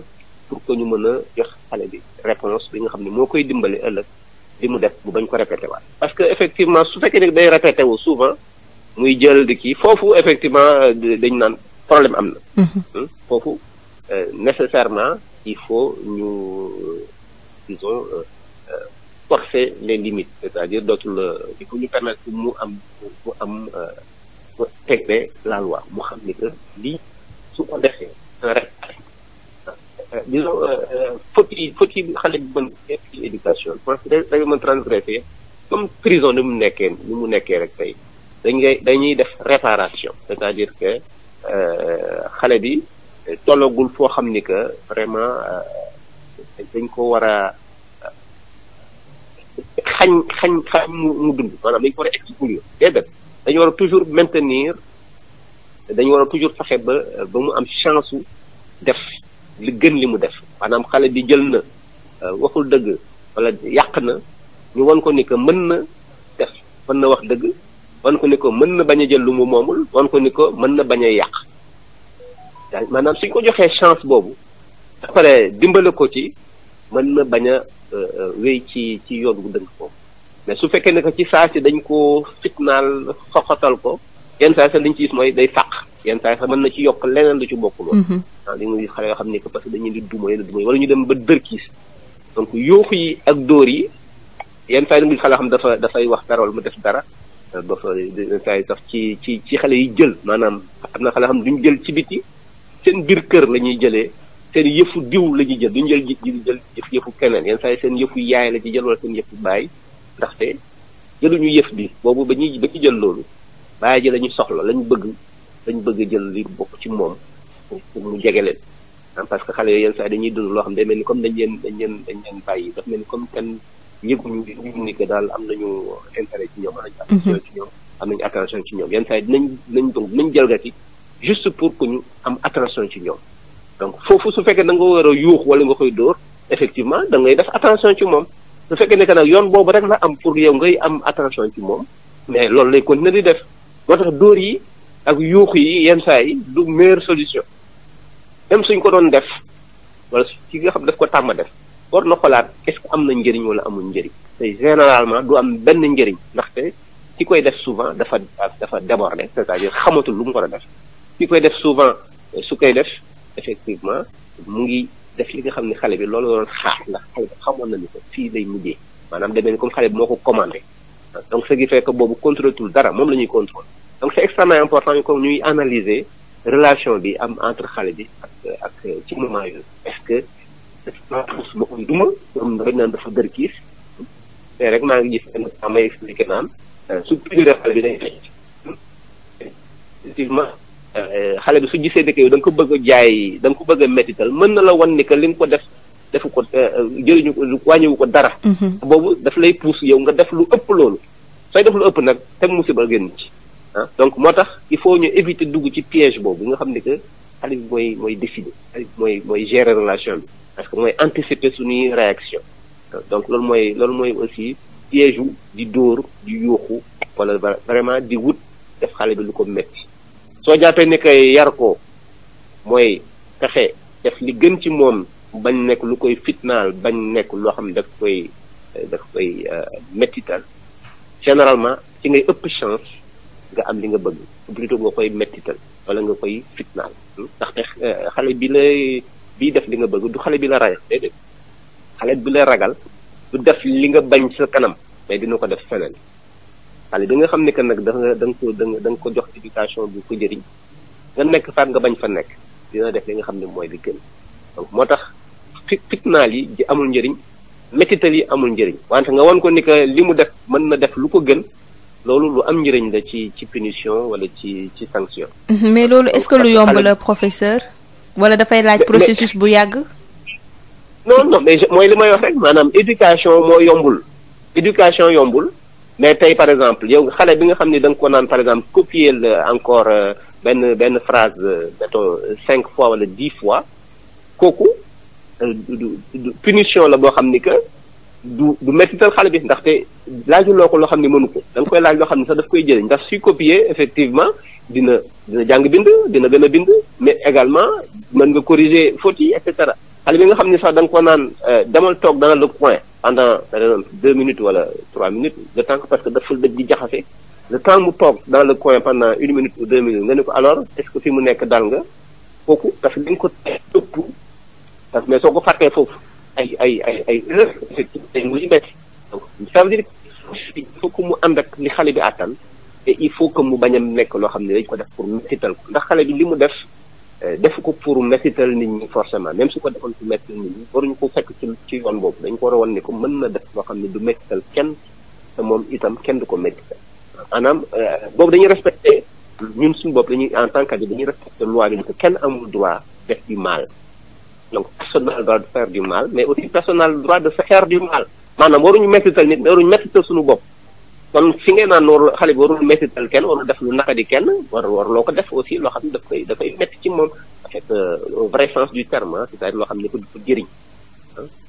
pour que ñu mën a jox xale bi réponse bi nga xam ne moo koy dimbali ëllëg li mu def bu bañ ko répété waat parce que effectivement su fekkee ne day répété wu souvent muy jël di kii foofu effectivement dañ naan problème am na mm-hmm. hmm? foofu nécessairement il faut ñu disons forcer les limites c'est-à-dire dootul il faut ñu permettre mu am mu am euh, tegbe laal loi mu xam ni que lii su ko defee rek euh, disons faute yi faute yi xale bi mën def ci éducation parce que day mën transgressé comme prison ni mu nekkee ni mu nekkee rek tey dañuy dañuy def réparation c'est-à-dire que euh, xale bi tologul foo xam ni que vraiment dañ ko war a xañ xañ xañ mu mu dund maanaam dañu ko war a exclure déedéet dañu war toujours maintenir dañu war a toujours fexe ba ba mu am chance su def li gën li mu def maanaam xale bi jël na euh, waxul dëgg walla yàq na ñu wan ko ni que mën na def mën na wax dëgg wan ko ni ko mën na bañ a jël lu moomul wan ko ni ko mën na bañ a yàq maanaam suñ ko joxee chance boobu après dimbale ko ci mën na bañ a euh, euh, wéy ci ci yoon bu dënk foofu mais su fekkee ne que ci saa si dañ ko fitnaal xoxotal ko yenn saa sax li ñu ci mooy day fàq yenn saa sax mën na ci yokk leneen lu ci bokkul woon mhm. li ne que di duma yenn duma yi wala ñu dem ba dërkiis donc yuuxu yi ak dóor yi yenn saa yi nga xale yoo xam dafa dafay wax dara wala mu def dara dafa euh, sax ci ci ci xale yi jël maanaam am na xale yoo xam ne duñ jël ci biti seen biir kër la ñuy jëlee seen yëfu diw la ñuy jël duñu jël ji jël jëf yëfu keneen yenn saa yi seen yëfu yaay la ci jël wala seen yëfu baay ndaxte ñu yëf bi boobu ba ñuy ba ci jël loolu baay ji la soxla la ñu bëgg lañu bëgg jël li bokk ci moom pour mu jege leen ah, parce que xale yooyu yenn saa dañuy dund loo xam ne ni comme dañ leen dañ leen dañ leen bàyyi daf mel ni comme kenn yëguñu yëguñu daal am nañu intérêt ci ñoom am nañu attention mhm. ci ñoom am nañu attention ci ñoom yenn saa yi dinañ dinañ donc dinañ jalgati juste pour ku ñu am attention ci ñoom donc foofu su fekkee da nga war a yuux wala nga koy dóor effectivement da ngay def attention ci moom su fekkee ne que nag yoon boobu rek la am pour yow ngay am attention ci moom mais loolu kon continuer di def moo tax dóor yi ak yuux yi yenn saa yi du meilleure solution même suñ ko doon def wala ci nga xam daf ko tàmm def war na xolaat est-ce que am na njëriñ wala amul njëriñ te généralement du am benn njëriñ ndaxte ki koy def souvent dafa dafa débordé cest xamatul lu mu war a def ki koy def souvent su koy def effectivement mu ngi def li nga xam ne xale bi loolu doon xaar ndax xale bi xamoon na ni ko fii lay mujjee maanaam demee ni comme xale bi moo ko commandé donc ce qui fekk boobu contrôle tul dara moom la ñuy contrôle donc c'est extrêmement important ñu ko ñuy analyser relation bi am entre xale bi ak ci moment yooyu est-ce que dafa puus duma dañ naan dafa dër kiis rek maa ngi gis benn euh, su piguré xale bi day fecc Euh, xale bi su gisee ne yow da ko bëgg jaay da nga ko bëgg a mën na la wan ni que li nga ko def defu ko euh, jëriñu wàññiwu ko dara. Mhm. boobu daf lay pousse yow nga def lu ëpp loolu sooy def lu ëpp nag teg musiba génn ci ah donc moo tax il faut ñu éviter dugg ci piège boobu nga xam ne que xale bi mooy mooy décider xale bi mooy mooy relation bi parce que mooy anticiper suñuy réaction ah, donc loolu mooy loolu mooy aussi piège di dóor di yuuxu wala vraiment di wut bi lu ko métti. soo jàppee ne kay yar ko mooy fexe def li gën ci moom bañ nekk lu koy fitnaal bañ nekk loo xam ne daf koy daf koy euh, mettital généralement ci ngay ëpp chance nga am li nga bëgg plutôt nga koy mettital wala nga koy fitnaal ndaxte euh, xale bi la bii def li nga bëgg du xale bi la ragal déedéet xale bi la ragal du def li nga bañ sa kanam mais dina ko def feneen xale bi nga xam ne que nag da nga da nga ko da nga jox éducation bi ko jëriñ nga nekk faak nga bañ fa nekk dina def li nga xam ne mooy li gën donc moo tax fit fitnaal yi amul njëriñ métital yi amul njëriñ wante nga wan ko ni que li mu def mën na def lu ko gën loolu lu am njëriñ la ci ci punition wala ci ci sanction mhm, mais loolu est-ce que lu yomb la professeur wala dafay laaj processus bu yàgg non non mooy li may wax rek maanaam éducation moo yombul éducation yombul mais tey par exemple yow xale bi nga xam ni danga ko naan par exemple copier encore euh, benn benn phrase euh, mettons euh, cinq fois wala dix fois kooku punition la boo xam ni que du du méttital xale bi ndaxte laajuloo ko loo xam ni mënu ko da koy laaj loo xam ni sax daf koy jëriñ ndax suy copier effectivement dina dina jàng bind dina gën a bind mais également mën nga corriger fautes yi et cetera xale bi nga xam ni sax danga nga ko naan demal toog dana le point pendant par exemple deux minutes wala trois minutes le temps parce que dafa dëj di jaxase le temps mu toog dans le coin pendant une minute ou deux minutes nga ne ko alors est que fi mu nekk dal nga kooku parce que dañ ko tëpp parce mais soo ko fàttee foofu ay ay ay ay heure ay mujj métti mu ànd rek li xale bi àttan te il faut que mu bañ a nekk loo xam ne dañ ko def pour méttital ko ndax xale bi li mu def Euh, defu ko pour métital nit ñi forcément même su ko defoon ci métital nit ñi waruñu ko fekk ci ci yoon boobu dañ ko war a ko mën na def loo xam ne du métital kenn te moom itam kenn du ko métital maanaam euh, boobu dañuy respecté ñun suñu bopp dañuy en tant que dañuy respecté loi bi ni ko kenn amul droit def du mal donc personne n'a le droit de faire du mal mais aussi personne n'a le droit de faire du mal maanaam waruñu métital nit waruñu métital suñu bopp kon fi ngay naan warul xale bi warul méttital kenn warul def lu naqadi kenn war loo ko def aussi loo xam daf koy dafay métti ci moom en fait euh, au vrai sens loo xam ne ko du ko jëriñ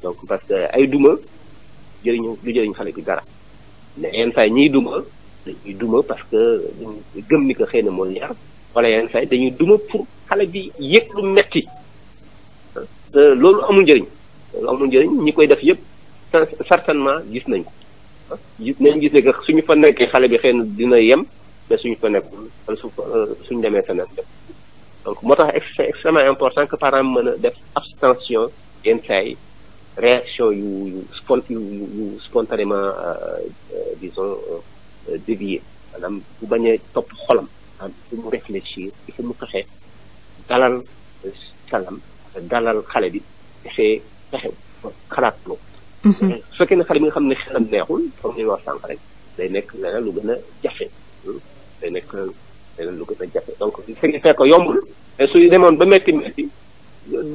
donc parce que ay duma jëriñu lu jëriñ xale bi dara mais yenn saa yi ñiy duma dañuy duma parce que gëm ni ko xëy na mooy yar wala yenn saa yi dañuy duma pour xale bi yëg lu metti te euh, loolu amul njëriñ loolu amul njëriñ ñi koy def yëpp certainement gis nañ ko gis nañ gis ne suñu fa nekkee xale bi xëy na dina yem mais suñu fa nekkul suñu demee feneen donc moo tax c'est extrêmement important que parents mën a def abstention yenn saa yi réaction yu yu spon euh, euh, euh, dévié maanaam bu bañ a topp xolam ah il faut réfléchir il fexe dalal salam dalal xale bi dafee fexe xalaat loo Mm-hmm. Eh, su fekkee ne xale bi nga xam ne xelam neexul comme ni wax sànq rek day nekk leneen lu gën a jafe hmm? day nekk leneen lu gën donc su fekkee ko yombul suy demoon ba métti métti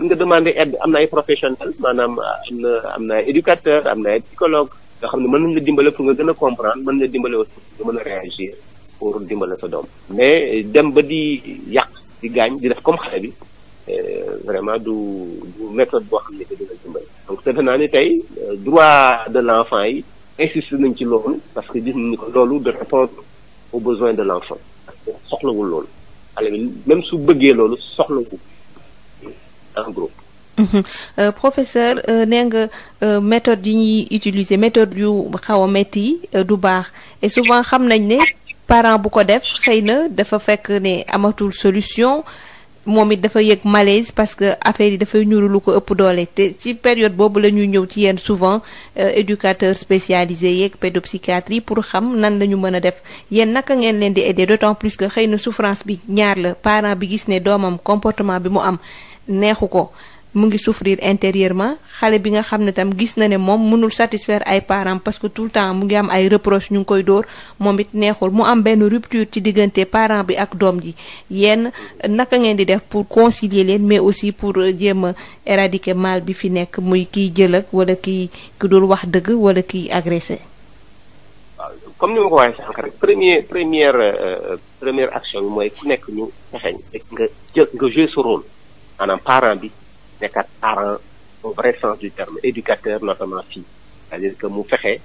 nga demandé aide am na ay professionnels maanaam am euh, na am na ay éducateurs am na ay psychologues nga xam ne mën nañ la dimbale pour nga gën a comprendre mën nañu dimbale aussi nga mën a réagir pour dimbale fa doom. mais dem ba di yàq di gaañ di def comme xale bi euh, vraiment du du méthode boo xam ne dina dimbale. donc defe naa ni tey euh, droit de l' enfant yi insiste nañ ci loolu parce que gis nañu ko loolu de répondre aux besoins de l' enfant soxlawul loolu xale su bëggee loolu soxlawul en gros. Mhm. Euh, professeur euh, nee nga méthode yi ñuy utiliser méthode yu xaw a métti du baax et souvent xam nañ ne parent bu ko def xëy na dafa fekk ne amatul solution. moom it dafa yëg malaise parce que affaire yi dafay ñuru lu ko ëpp doole te ci période boobu la ñuy ñëw ci yéen souvent euh, éducateur spécialisé yeeg pédopsychiatrie pour xam nan la ñu mën a def yéen naka ngeen leen di aider d'autant plus que xëy na souffrance bi ñaar la parent bi gis ne doomam comportement bi mu am neexu ko mu ngi souffrir intérieurement xale bi nga xam ne tam gis na ne moom mënul satisfaire ay parents parce que tout le temps mu ngi am ay reproches ñu ngi koy dóor moom it neexul mu am benn rupture ci diggante parent bi ak doom ji yenn naka ngeen di def pour concilier leen mais aussi pour euh, jéem a éradiquer mal bi fi nekk muy kiy jël ak wala kiy ki dul wax dëgg wala kiy agressé. comme ni ma ko waxee sànq rek première euh, euh, première action bi mooy ku nekk ñu fexe bi. nekkaat parent au vrai sens du terme éducateur notamment a c'est-à-dire que mu fexe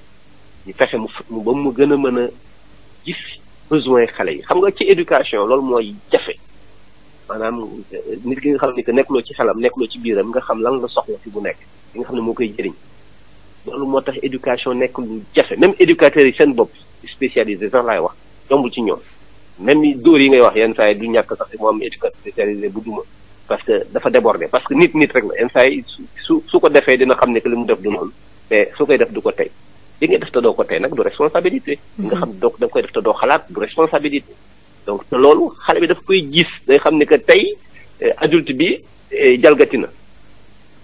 ñu fexe mu ba mu gën a mën a gis besoin xale yi xam nga ci éducation loolu mooy jafe maanaam euh, nit ki nga xam ne que nekkuloo ci xelam nekkuloo ci biiram nga xam lan la soxla fi bu nekk li xam ne moo koy jëriñ loolu moo tax éducation nekk lu jafe même éducateurs yi seen bopp spécialisé sax laay wax yombul ci ñoom même dóor yi ngay wax yenn saa yi du ñàkk sax moo éducateur spécialisé bu duma parce que dafa déborder parce que nit nit rek la yenn saa yi su su ko defee dina xam ne que li mu def du noonu mais su koy def du ko tey li nga def te doo ko tey nag du responsabilité. nga xam mhm. doo da nga koy def te doo xalaat du responsabilité. donc te loolu xale bi daf koy gis day xam ne que tey eh, adulte bi eh, jalgati na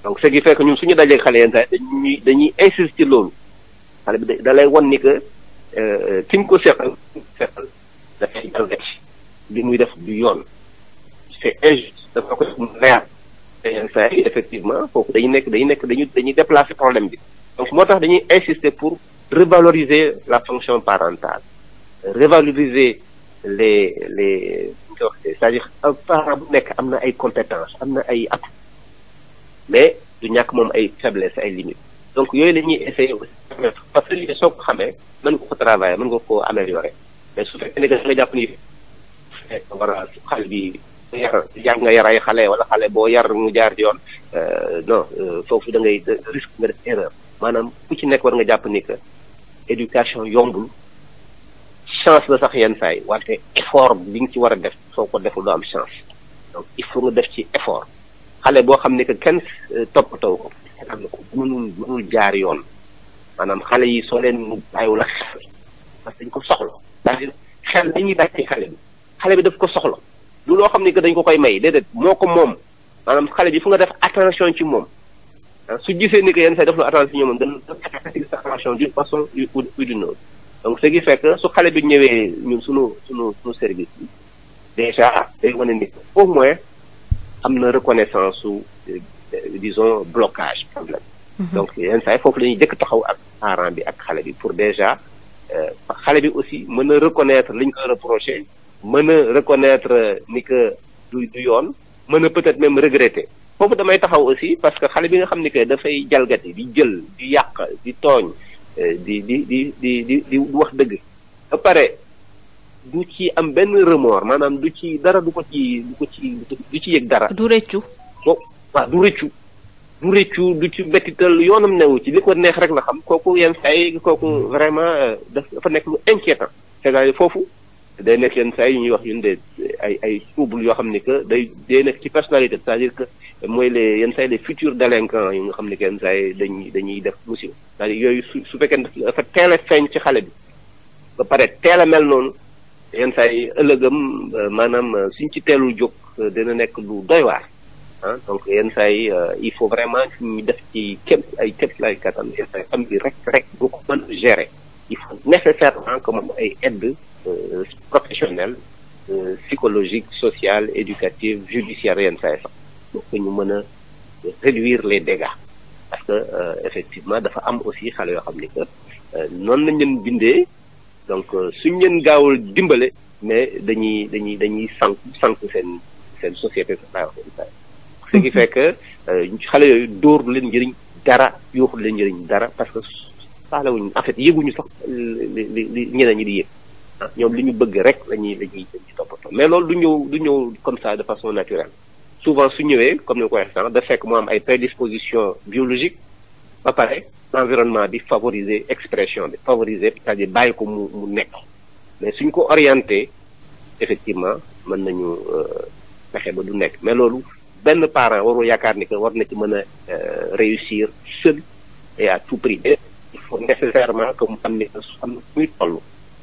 donc ce qui fekk que ñun suñu dajee xale yenn saa yi dañuy dañuy insister loolu xale bi da lay wan ni que eh, ki nga ko seqal dafay jalgati li muy def du yoon dafa ko leer effectivement foofu dañu nekk dañu nekk dañu dañuy déplacer problème bi donc moo tax dañuy insister pour revaloriser la fonction parentale revaloriser les les cest a dire un bu nekk am na ay compétences am na ay at mais du ñàkk moom ay faiblesse ay limites donc yooyu la ñuy essayer aussi parce que lii soo ko xamee mën nga ko man mën nga ko améliorer mais su fekkee ne nga jàpp ni war a xal bi yar yar nga yar ay xale wala xale boo yar mu jaar yoon euh, non euh, foofu da ngay euh, nga def erreur maanaam ku ci nekk war nga jàpp ni que éducation yombul chance la sax yenn saay yi wante effort bi nga ci war a def soo ko deful doo am chance donc il faut nga def ci effort xale boo xam ne que kenn toppatoo ko xam ne ko mënul mënul jaar yoon maanaam xale yi soo leen bàyyiwul ak xel parce que dañ ko soxla c'est-à-dire xel dañuy bàyyi ci xale bi xale bi daf ko soxla du loo xam ne que dañ ko koy may déedéet moo ko moom maanaam xale bi fu nga def attention ci moom su gisee ni que yenn saa def lu attention ci moom dañu def attention d'une façon ou d'une autre donc ce qui fait su xale bi ñëwee ñun suñu suñu suñu service bi déjà day wane ni au moins am na reconnaissance su euh, disons blocage problème. Mhm. donc yenn saa yi foofu la ñuy jëkk taxaw ak parent bi ak xale bi pour déjà euh, xale bi aussi mën na reconnaître li ñu koy reproché. mën a reconnaître ni que du du yoon mën a peut-être même regretter foofu damay taxaw aussi parce que xale bi nga xam ni que dafay jalgati di jël di yàq di tooñ euh, di di di di di di wax dëgg ba pare du ci am benn remords maanaam du ci dara du ko ci du ko ci du ci yëg dara. du rëccu. bo waaw du rëccu. du rëccu du ci bettital yoonam newu ci li ko neex rek la xam kooku yenn saa kooku vraiment euh, dafa nekk lu inquiétant cest foofu. day nekk yenn saa yi ñuy wax ñun de ay ay trouble yoo xam ne que day day nekk ci personnalité c'est-à-dire que mooy le yenn saa yi les futurs délinquants yi nga xam ne que yenn saa dañuy dañuy def musiba c'est-à-dire yooyu su su fekkee dafa teel a feeñ ci xale bi ba pare teel a mel noonu yenn saa yi ëllëgam euh, maanaam euh, suñ ci teelu jóg euh, dina nekk lu doy waar ah donc yenn saa yi il faut vraiment ñu def ci kéem ay kéem lay kattan yenn saa am bi rek rek boo ko mën gérer il faut nécessairement ay aide Euh, professionnelle euh, psychologique sociale éducative judiciaire yenn saa sax pour que ñu mën a réduire les dégâts parce que euh, effectivement dafa am aussi xale yoo xam ni que noonu lañ leen bindee donc suñ leen gaawul dimbale mais dañuy dañuy dañuy sànq sànq seen seen société sa ce qui fait que xale yooyu dóor leen njëriñ dara yooxul leen njëriñ dara parce que faalewuñ en fait yëguñu sax li li ñi di yëg ñoom li ñu bëgg rek la ñuy la toppatoo mais loolu du ñëw du ñëw comme ça de façon naturelle souvent su ñëwee comme ni ko waxee sànq da fekk mu am ay prédisposition biologique ba pare environnement bi favoriser expression bi favoriser c'est-à-dire bàyyi ko mu mu nekk mais suñ ko orienté effectivement mën nañu euh, fexe ba du nekk mais loolu benn parent warul yaakaar ni que war na ci mën a euh, réussir seul et à tout prix il faut nécessairement que mu am ni am na muy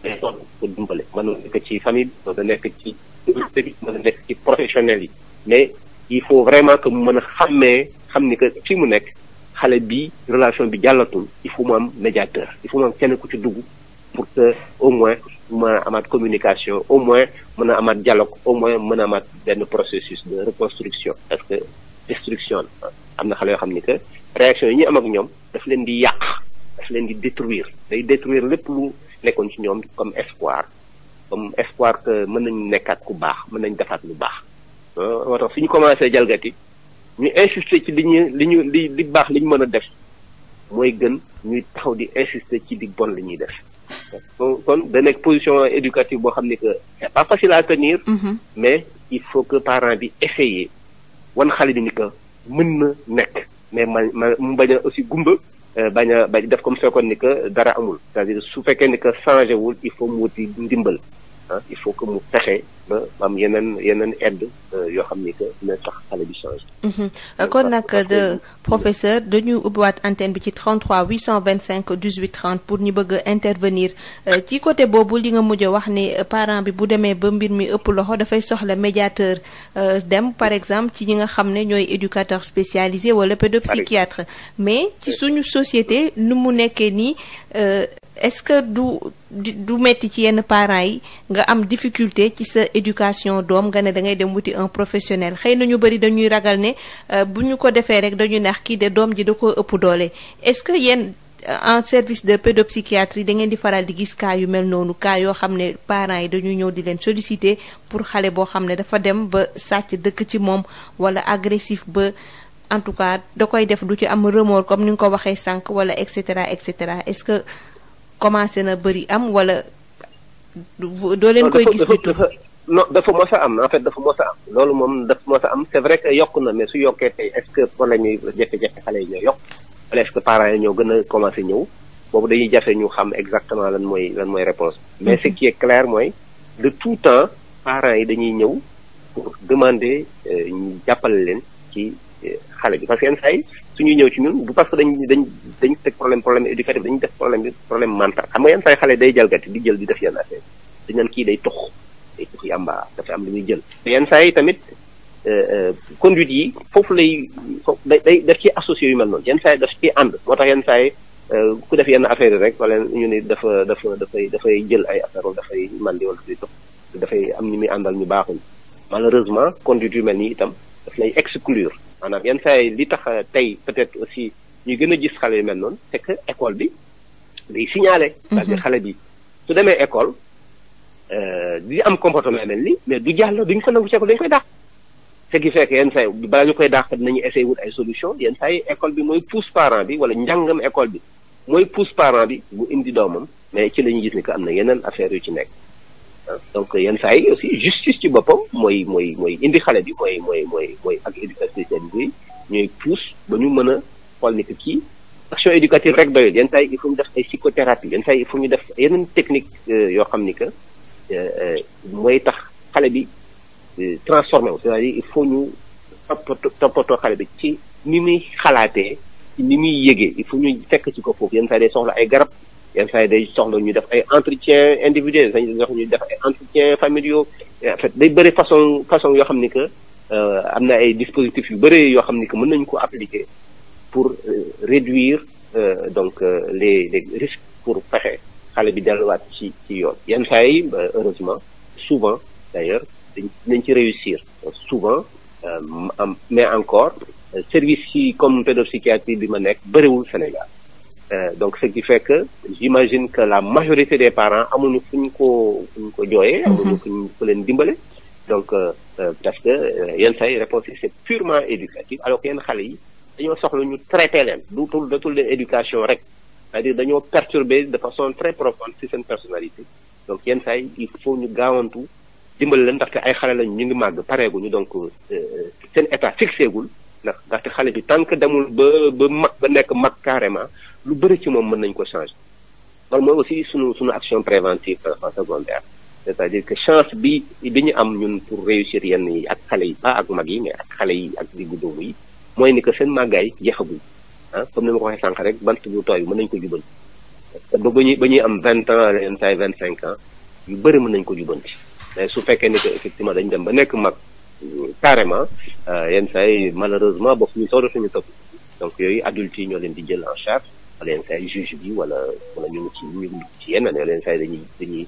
day sonn pour dimbale mën nekk ci famille mën na nekk ci université mën na nekk ci professionnels yi mais il faut vraiment que mu mën a xàmmee xam ni que fi mu nekk xale bi relation bi jàllatul il faut mu am médiateur il faut mu kenn ku ci dugg pour que au moins mën a amaat communication au moins mën a amaat dialogue au moins mën a amaat benn processus de reconstruction parce que destruction am na xale yoo xam ni que réaction yi ñu am ak ñoom daf leen di yàq daf leen di détruire day détruire lépp nekkoon ci ñoom comme espoir comme espoir que mën nañu nekkaat ku baax mën nañu defaat lu baax. Euh, moo tax suñu commencé jalgati ñu insister ci li ñu li ñu li li baax li mën a def mooy gën ñuy taxaw di insister ci di bon li ñuy def. kon da nekk position éducative boo xam ne que c'est pas facile à tenir. Mm-hmm. mais il faut que parents bi essayer wan xale bi ni que mën na nekk mais ma ma mu bañ a aussi gumba Euh, bañ a bañ def comme fekkoon ni que dara amul c'est-à-dire su fekkee ni que changé wul il faut mu wuti ndimbal ah il faut que mu pexe ba yeneen yeneen euh, yoo xam ni que dina mhm. euh, kon nag de professeur dañuy ubbiwaat antenne bi ci 33 825 18 30 pour ñu bëgg a intervenir euh, ci côté boobu li nga mujj wax ni parent bi bu demee ba mbir mi ëpp loxo dafay soxla médiateur dem par exemple ci ñi nga xam ne ñooy éducateur spécialisé wala pédopsychiatre mais ci suñu société nu mu nekkee nii est-ce que du du metti ci yenn parents yi nga am difficulté ci sa éducation doom nga ne da ngay dem wuti un professionnel xëy na ñu bëri dañuy ragal ne euh, bu ñu ko defee rek dañu nax kii de doom ji da ko ëpp doole est-ce que yéen euh, en service de pédopsychiatrie da ngeen di faral di gis cas yu mel noonu cas yoo xam ne parents yi dañuy ñëw di leen solicité pour xale boo xam ne dafa dem ba sàcc dëkk ci moom walla agressif ba en tout cas da koy def du ci am remords comme ni nga ko waxee sànq walla cetera et cetera est-ce que. commencé na bëri am wala doo leen koy gis di tudd non dafa mos a am en fait dafa mos a am loolu moom dafa mos a am c'est vrai que yokk na mais su yokkee tey est-ce que problème yi jafe-jafe xale yi ñoo yokk wala est-ce que yi ñoo gën a commencé ñëw boobu dañuy jafe ñu xam exactement lan mooy lan mooy réponse mais ce mhm. qui est clair mooy de tout temps parents yi dañuy ñëw pour demander euh, ñu jàppale leen ci euh, xale bi parce que yenn saa ñuy ñëw ci ñun du parce que dañ dañ dañ teg problème problème éducatif dañu def problème bi problème mental xam nga yenn say xale day jalgati di jël di def yenn affaire dañ naan kii day tux day tux dafa am lu muy jël yenn saa yi tamit euh, euh, conduite yi foofu lay day day daf ci associé yu mel yenn saa daf ci ànd moo tax yenn saa euh, ku def yenn affaire yi rek wala ñu ne dafa dafa dafay dafay jël ay affaire wala dafay mandi wala dafay tux dafay am ni muy àndal ñu baaxul malheureusement conduite yu mel nii itam daf lay exclure maanaam yenn saa li tax euh, tey peut-être aussi ñuy gën a gis xale yu mel noonu c'est école bi day signalé. Mhm. c'est-à-dire xale bi su demee école euh, di am comportement mel ni mais du jàll duñ ko nangu ci école dañ koy dàq. ce qui fekk que yenn saa yi ñu koy dàq dinañu essayer wut ay solution yenn saa yi école bi mooy pousse parent bi wala njàngam école bi mooy pousse parent bi mu indi doomam mais ci la ñu gis ni que am na yeneen affaire yu ci nekk. donc yenn saa yi aussi justice ci boppam mooy mooy mooy indi xale bi mooy mooy mooy mooy ak éducation spécialisée yi ñooy pousse ba ñu mën a xool ni que kii action éducative rek doyul yenn saa yi il faut ñu def ay psychothérapie yenn saa yi il faut ñu def yeneen technique euh, yoo xam ni que euh, euh, mooy tax xale bi transformé wu c'est-à-dire il faut ñu toppatoo xale bi ci ni muy xalaatee ni muy yëgee il faut ñu fekk ci ko foofu yenn saa day soxla ay garab yenn saa yi day soxla ñu def ay entretien individuel dañuy soxla ñu def ay entretien familiaux en fait day bëri façon façon yoo xam ni que euh, am na ay dispositifs yu bëri yoo xam ni que mën nañu ko appliquer pour euh, réduire euh, donc les les risques pour fexe xale bi delluwaat ci ci yoon yenn saa yi heureusement souvent d'ailleurs dañ ci réussir souvent mais encore service yi comme pédopsychiatrie bi ma nekk bëriwul Sénégal Euh, donc ce qui fait que j'imagine que la majorité des parents amuñu fu ñu ko fu ñu ko jooyee. Mm-hmm. amuñu fu ñu ko leen dimbale. donc euh, euh parce que euh, yenn saa yi réponse yi c'est purement éducatif alors que yenn xale yi dañoo soxla ñu traité leen dutul datul leen éducation rek c'est-à-dire dañoo perturber de façon très profonde ci seen personnalité donc yenn saa yi il faut ñu gaawantu dimbale leen ndaxte ay xale lañ ñu ngi màgg pareeguñu donc euh, seen état fixé gul ndax ndaxte xale bi tant que demul ba ba nekk mag carrément. lu bëri ci moom mën nañ ko changer loolu mooy aussi sunu sunu action préventive euh, en secondaire c'est-à-dire que chance bi bi ñu am ñun pour réussir yenn yi ak xale yi pas ak mag yi ak xale yi ak diggu dóomu yi mooy ni que seen màggaay jeexagul ah comme ni ma ko waxee sànq rek bant bu tooy mën nañ ko jubanti ba ñuy ba ñuy am vingt ans yenn saa vingt cinq ans yu bëri mën nañ ko jubanti mais su fekkee ni que effectivement dañu dem ba nekk mag euh, carrément euh, yenn saa yi malheureusement ba fu ñu toll suñu donc yooyu adultes yi ñoo leen di jël en charge leen say juge bi wala wala ñu ngi ci ñu ngi ci yenn ne leen say dañuy dañuy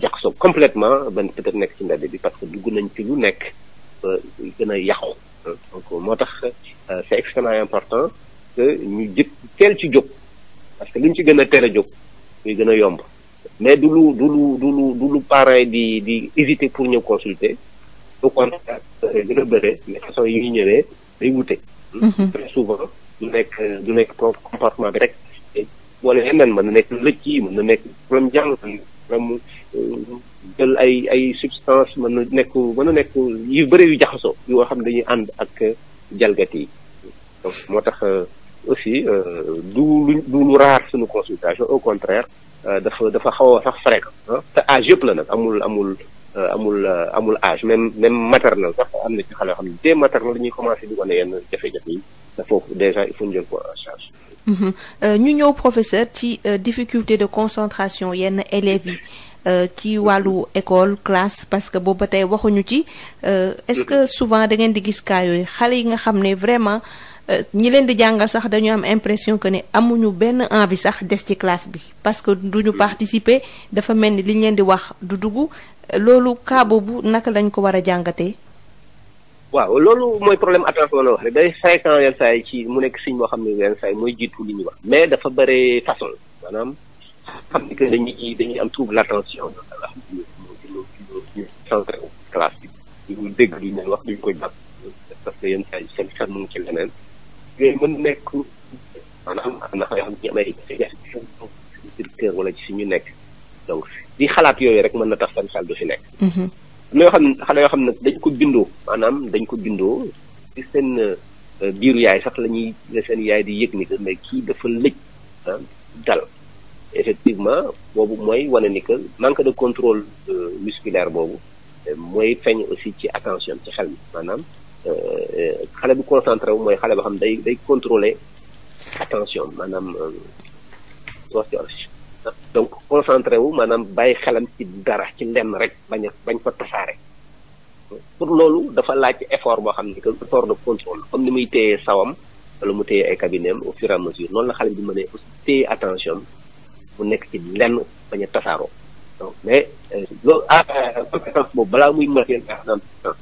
jaxasoo complètement ban peut nekk ci mbedd bi parce que dugg nañ ci lu nekk euh, gën a yàqu donc moo tax euh, c'est extrêmement important que ñu jëpp teel ci jóg parce que lu ñu ci gën a teel a jóg muy gën a yomb mais du lu du lu du lu du lu parent di di hésiter pour ñëw consulter au contraire euh, gën a bëre mais façon wute mm-hmm. très souvent du nekk du comportement bi rek wala yeneen mën na nekk lëcc yi mën na nekk problème jàng problème euh, jël ay ay substance mën na nekk mën na nekk yu bëri jaxasoo yoo xam ne dañuy ànd ak jalgati yi moo tax euh, aussi euh, du lu du lu raar suñu consultation au contraire dafa dafa xaw a sax fréquent te âge yëpp la nag amul amul amul amul âge même maternel sax am na ci xale yoo xam ne dès maternel dañuy commencé di wane yenn jafe-jafe yi te foofu déjà il faut ñu jël ko en Mhm. Euh, ñu ñëw professeur ci euh, difficulté de concentration yenn élèves yi euh, ci wàllu école classe parce que boobu ba tey waxuñu ci est-ce que souvent da ngeen di gis cas yooyu xale yi nga xam ne vraiment ñi leen di jàngal sax dañu am impression que ni amuñu benn envie sax des ci classe bi parce que duñu participer dafa mel ni liñ leen di wax du dugg loolu cas bu naka lañ ko war a jàngatee. waaw loolu mooy problème attention na wax rek day fréquent yenn saa yi ci mu nekk siñ moo xam ne yenn saa mooy jiitu li ñuy wax mais dafa bëre façon maanaam xam ni que dañuy am trouble l'attention centré classe bi duñu dégg duñ leen wax duñ ko jàpp parce que yenn mu ngi ci leneen yooyu mën nekk maanaam ndax yoo wala ci suñu nekk donc di xalaat yooyu rek mën na tax seen xel du fi nekk am xam ne xale yoo xam ne dañ ko bindoo maanaam dañ ko bindoo ci seen euh, biiru yaay sax la ñuy la seen yaay di yëg ni que mais kii dafa lëj ah dal effectivement boobu mooy wane ni que manque de contrôle euh, musculaire boobu euh, mooy feeñ aussi ci attention ci xel mi maanaam xale bu concentré wu mooy xale boo xam day day contrôler attention maanaam donc concentré wu maanaam bàyyi xelam ci dara ci lenn rek bañ bañ ko tasaare pour loolu dafa laaj effort boo xam ne que effort de contrôle comme ni muy téyee sawam wala mu téyee ay cabinet am au fur à mesure noonu la xale bi di mën a aussi attention mu nekk ci lenn bañ tasaaroo donc mais euh, loolu ah compétence boobu balaa muy mature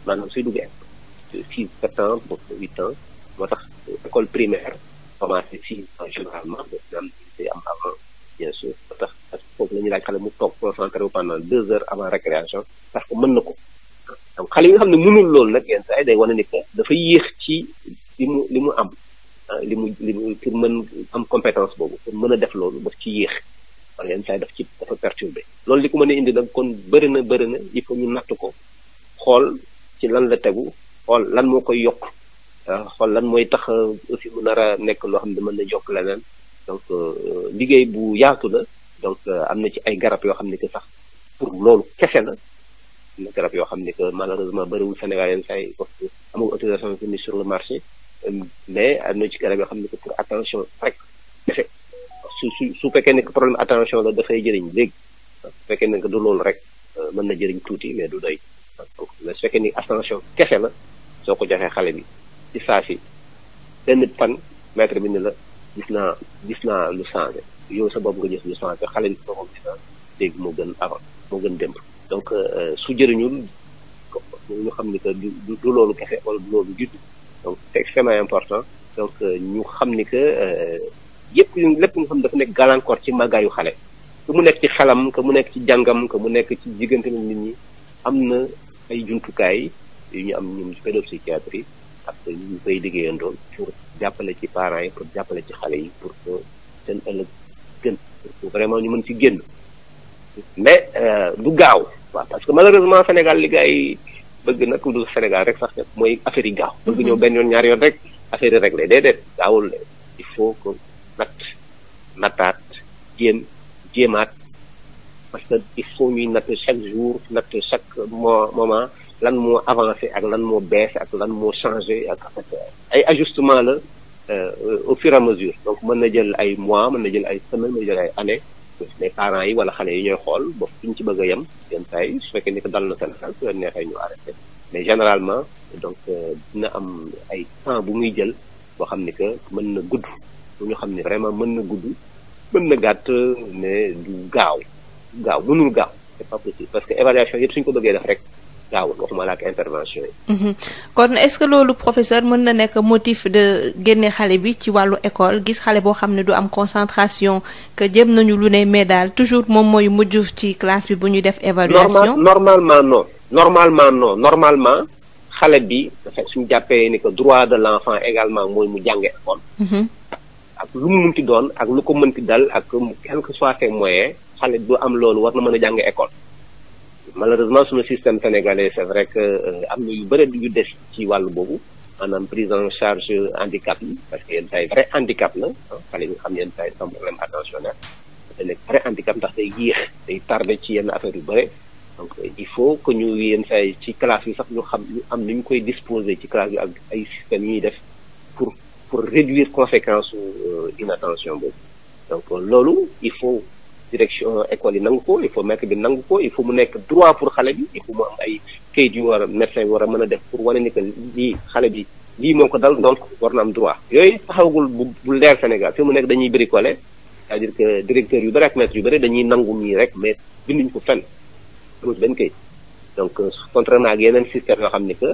maanaam suy duggee six sept ans ba huit ans moo tax école primaire commencé six ans généralement am foofu la ñuy laaj xale mu toog concentré wu pendant deux heures avant récréation parce que mën na ko donc xale yi nga xam ne mënul loolu nag yenn saa yi day wane ni que dafa yéex ci li mu li mu am ah, li mu li mu pour mën am compétence boobu pour mën a def loolu daf ci yéex wala yenn saa yi ci dafa perturbé loolu li ko mën a indi nag kon bëri na bëri na il faut ñu natt ko xool ci lan la tegu xool lan moo koy yokk ah, xool lan mooy tax euh, aussi mu nar nekk loo xam ne mën na jokk leneen donc euh, liggéey bu yaatu la donc euh, am na ci ay garab yoo xam ne que sax pour loolu kese la am na garab yoo xam ne que malheureusement bëriwul Sénégal yenn saa yi parce que amul sur le marché euh, mais am na ci garab yoo xam ne que pour attention rek kese su su su fekkee ne problème attention la dafay jëriñ léegi su fekkee ne que du loolu rek euh, mën na jëriñ tuuti mais du doy donc mais su fekkee ni attention kese la soo ko joxee xale bi ci saa si benn fan maître bi ni la gis naa gis naa lu changé yow sa bopp nga gis ñu changé xale bi boppam dina dégg moo gën avant moo gën démb donc euh, su jëriñul ñu xam ni que du du loolu kese wala du loolu jiitu donc c'est extrêmement important donc euh, ñu xam ni que euh, yëpp yu lépp nga xam dafa nekk gàllankoor ci màggaayu xale que mu nekk ci xelam que mu nekk ci jàngam que mu nekk ci diggante nit ñi am na ay jumtukaay yu ñu am ñun ci pédopsychiatrie ak ñu koy liggéeyandoo pour jàppale ci parents yi pour jàppale ci xale yi pour que seen ëllëg gën vraiment ñu mën ci génn mais euh, du gaaw waa parce que malheureusement Sénégal li yi bëgg nag du Sénégal rek sax mooy affaire yi gaaw mm-hmm. bëgg ñëw benn yoon ñaar yoon rek affaire yi réglé déedéet gaawul il faut que natt nattaat jéem jéemaat parce que il faut ñuy natt chaque jour natt chaque mo moment lan moo avancé ak lan moo baissé ak lan moo changé ak ay ajustement la Euh, au fur et à mesure donc mën na jël ay mois mën na jël ay semaines mën na jël ay années mais parents yi wala xale yi ñooy xool ba fi ñu ci bëgg a yem yenn saa yi su fekkee ni ko dal na Sénégal su leen neexee ñu arrêté mais généralement donc euh, dina am ay temps bu muy jël boo xam ni que mën na gudd bu ñu xam ni vraiment mën na gudd mën na gàtt mais du gaaw gaaw mënul gaaw c'est pas possible parce que évaluation yëpp suñ ko bëggee daf rek gaawul waxuma la ak intervention yi. Mhm. kon est-ce que loolu professeur mën na nekk motif de génne xale bi ci wàllu école gis xale boo xam ne du am concentration que jëm nañu lu ne mais daal toujours moom mooy mujj ci classe bi bu ñu def. évaluation normalement non normalement non normalement xale bi dafa suñu jàppee ni que de l'enfant également mooy mu jàng école. Mhm. ak lu mu mënti doon ak lu ko mënti dal ak quel soit ses moyens xale du am loolu war na mën a jàng école. malheureusement suñu système sénégalais c' est vrai que euh, am na yu bëri ñu def ci wàllu boobu maanaam prise en charge handicap yi parce que yenn tay vrai handicap la ah, xale ñu xam yenn tay sans problème attentionnel te nekk vrai handicap ndax day yéex day tardé ci yenn affaire yu bëri donc il faut que ñu yenn say ci classe yi sax ñu xam ñu am ni ñu koy disposer ci classe yi ak ay systèmes ñuy def pour pour réduire conséquence su euh, inattention boobu donc loolu il faut direction école yi nangu ko il faut maître bi nangu ko il faut mu nekk droit pour xale bi il faut mu am ay kayit yu war a médecin bi war mën a def pour wane ni que lii xale bi lii moo ko dal donc war na am droit yooyu taxawagul bu bu leer Sénégal fi mu nekk dañuy bricoler c'est-à-dire directeur yu bëri ak maître yu bëri dañuy nangu mii rek mais binduñ ko fenn amul benn kayit donc euh, contrairement ak yeneen système yoo xam ni que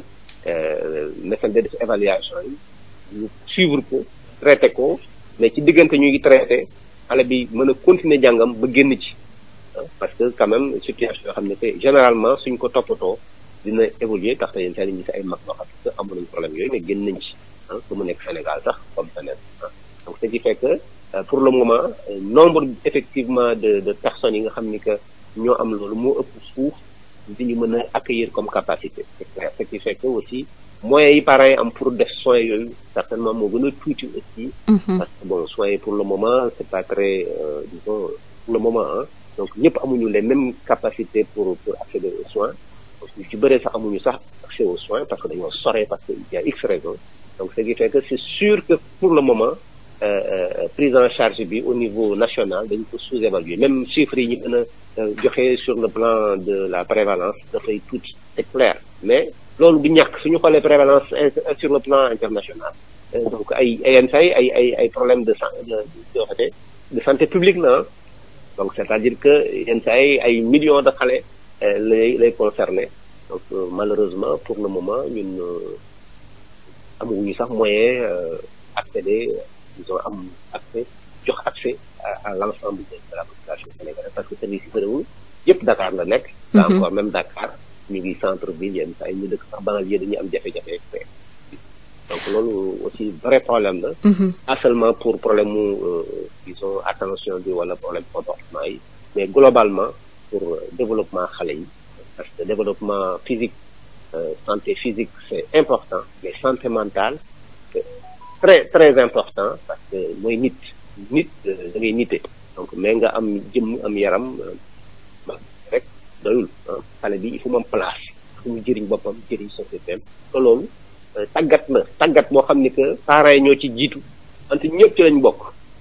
euh, médecin day def évaluation yi ñu suivre ko traité ko mais ci diggante ñu ngi traité xale bi mën a continuer jàngam ba génn ci parce que quand même situation yoo xam ne que généralement suñ ko toppatoo dina évoluer tax na yéen saa ngi gis ay mag yoo xam ne que problème yooyu ne génn nañ ci su ah, mu nekk Sénégal sax comme feneen ah. donc ce qui fait que euh, pour le moment euh, nombre effectivement de de personnes yi nga xam ni que ñoo am loolu moo ëpp suuf di ñu mën a accueillir comme capacité c'est clair ce qui fait que aussi moyens yi parents yi am pour def soins yooyu certainement moo gën a tuuti aussi. Mhm. parce que soins pour le moment c'est pas très euh, disons pour le moment ah. donc ñëpp amuñu les mêmes capacités pour pour aux soins ñu ci bëree sax amuñu sax accès aux soins parce que dañoo sore parce que il y a x raisons donc ce qui fait que c'est sûr que pour le moment. Euh, euh prise en charge bi au niveau national dañu ko sous-évaluer même chiffres yi ñu mën euh, joxe sur le plan de la prévalence dafay tuuti c'est clair loolu du ñàkk suñu xoolee prévalence euh, sur le plan international euh, donc ay ay ay ay problème de santé de santé publique la ah. donc c'est-à-dire que yenn ay millions de xale euh, lay lay concerné donc malheureusement pour le moment ñun amuñu sax moyen accéder disons am accès jox accès à l'ensemble de la population sénégalaise parce que service yi bëriwul yëpp Dakar la nekk. Mm-hmm. encore même Dakar. ñu ngi centre ville yenn saa yi ñu dëkk sax banlieue dañuy am jafe-jafe ak donc loolu vrai problème la. Mm-hmm. pas seulement pour problème mu euh, disons attention bi wala problème comportement yi mais globalement pour euh, développement xale yi parce que développement physique euh, santé physique c'est important mais santé mentale c'est très important parce que mooy nit nit da nite donc mais nga am jëmm am yaram doyul ah xale bi il faut mu am mu jëriñ boppam jëriñ société am te loolu euh, tàggat na tàggat boo xam ni que parents yi ñoo ci jiitu ant ñëpp ci lañ bokk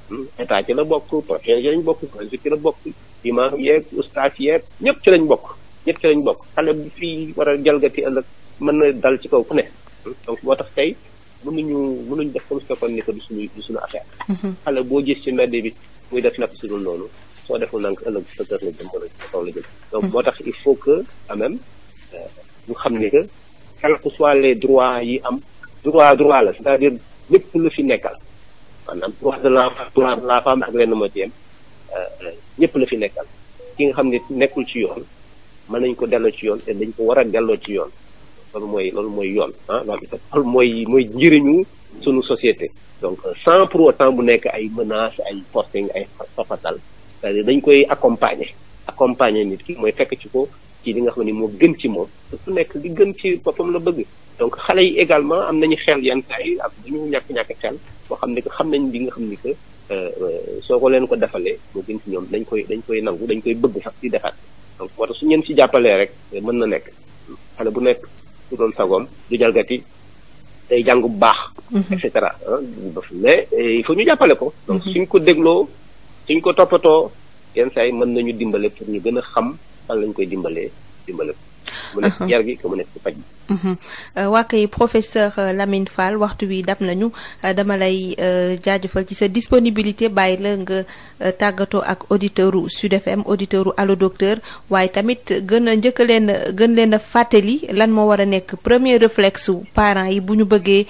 hmm. état ci la bokk projet ci lañ bokk projet ci la bokk imam yeeg oustaz yeeg ñëpp ci bokk ñëpp ci lañ bokk xale bi fii war a jalgati ëllëg mën na dal ci kaw ku ne hmm. donc moo tax tey mënuñu mënuñu def comme si fekkoon ni que du suñu du mm-hmm. xale boo gis ci mbedd bi muy def nag si noonu soo deful nank ëllëg sa kër la jëm la jëm donc moo tax il faut que quand même euh, xam ni que quel que soit les droits yi am droit droit la c'est-à-dire lépp lu fi nekkal maanaam droit de la droit de la femme ak moo ci ñëpp la fi nekkal ki nga xam ne nekkul ci yoon mën nañ ko delloo ci yoon te dañ ko war a delloo ci yoon loolu mooy loolu mooy yoon ah loolu mooy mooy njëriñu sunu société donc sans pour autant bu nekk ay menaces ay forcing ay fafatal cest dañ koy accompagner accompagner nit ki mooy fekk ci ko ci li nga xam ni moo gën ci moom te ku nekk li gën ci boppam la bëgg donc xale yi également am nañu xel yenn saa ak bu ñu xel boo xam ne que xam nañ li nga xam ni que euh, soo ko leen ko defalee moo gën ci ñoom dañ koy dañ koy nangu dañ koy bëgg sax di defaat donc moo su ñeen ci jàppalee rek mën na nekk xale bu nekk su doon sagoom du jalgati day jàng bu baax mhm. mais euh, il ñu jàppale ko donc mhm. suñ ko dégloo suñ ko toppatoo yenn saa mën nañu dimbale pour ñu gën a xam fan lañ koy dimbalee dimbale ko mu nekk uh-huh. yar gi mu nekk ci faj uh-huh. uh, waa kay professeur uh, Lamine Fall waxtu wi dam nañu uh, dama lay jaajëfal ci sa disponibilité bàyyi la nga tàggatoo ak auditeur u Sud auditeur u Allo Docteur waaye tamit gën a njëkk gën leen a fàttali lan moo war a nekk premier réflexe parents yi bu ñu bëggee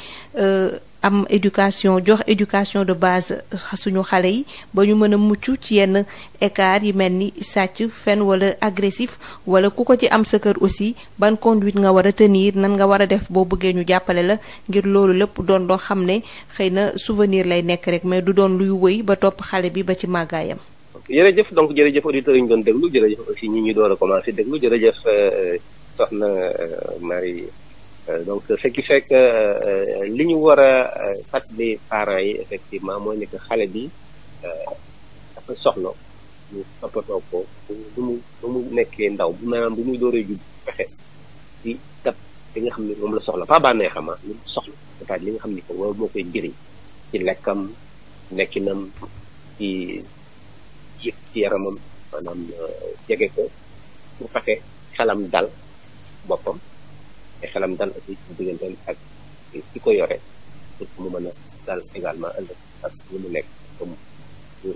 am éducation jox éducation de base suñu xale yi ba ñu mën a mucc ci yenn écart yi mel ni sàcc fen wala agressif wala ku ko ci am sa kër aussi ban conduite nga war a tenir nan nga war a def boo bëggee ñu jàppale la ngir loolu lépp doon doo xam ne xëy na souvenir lay nekk rek mais du doon luy wëy ba topp xale bi ba ci màggaayam. jërëjëf donc jërëjëf auditeurs yi ñu doon déglu jërëjëf aussi ñi ñu door a commencé déglu jërëjëf euh, soxna euh, Marie. Euh, donc ce qui fait que euh, li ñu war a bi euh, parents yi effectivement mooy nekk xale bi dafa soxla ñu toppatoo ko bu mu bu mu nekkee ndaw bu bu muy dooree jub fexe ci tab li nga xam ne moom la soxla pas bànnee ah, soxla cest li nga xam ni ko loolu moo koy jëriñ ci lekkam nekkinam ci yëg ci yaramam maanaam jege ko pour fexe xelam dal boppam xelam dal aussi ci digganteem ak ki ko yore pour mu mën a dal également ëllëg ak lu mu nekk comme mu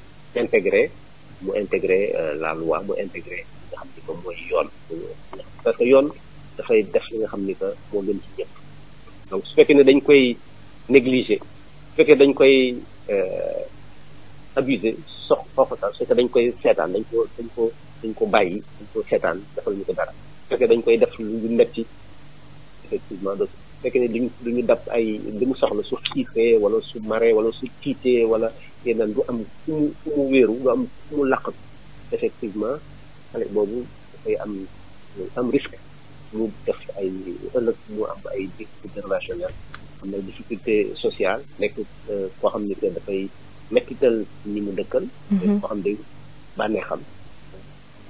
intégré mu intégré euh, la loi mu intégré nga xam ni que mooy yoon parce que yoon dafay def li nga xam ni que moo gën ci ñëpp donc su fekkee ne dañ koy négligé su fekkee dañ koy euh, abusé sox xooxataan su fekkee dañ koy seetaan dañ ko dañ ko dañ ko bàyyi dañ ko seetaan defal ñu ko dara su fekkee dañ koy def lu metti effectivement donc fekk ne duñu duñu dab ay li mu soxla su xiifee wala su maree wala su tiitee wala yeneen du am fu mu fu mu wéeru du am fu mu laqatu effectivement xale boobu dafay am am mu def ay ëllëg mu am ay difficulté relationnelle am na difficulté sociale nekk euh, koo xam ne que dafay mettital ni mu dëkkal mhm. koo xam ne bànnee xam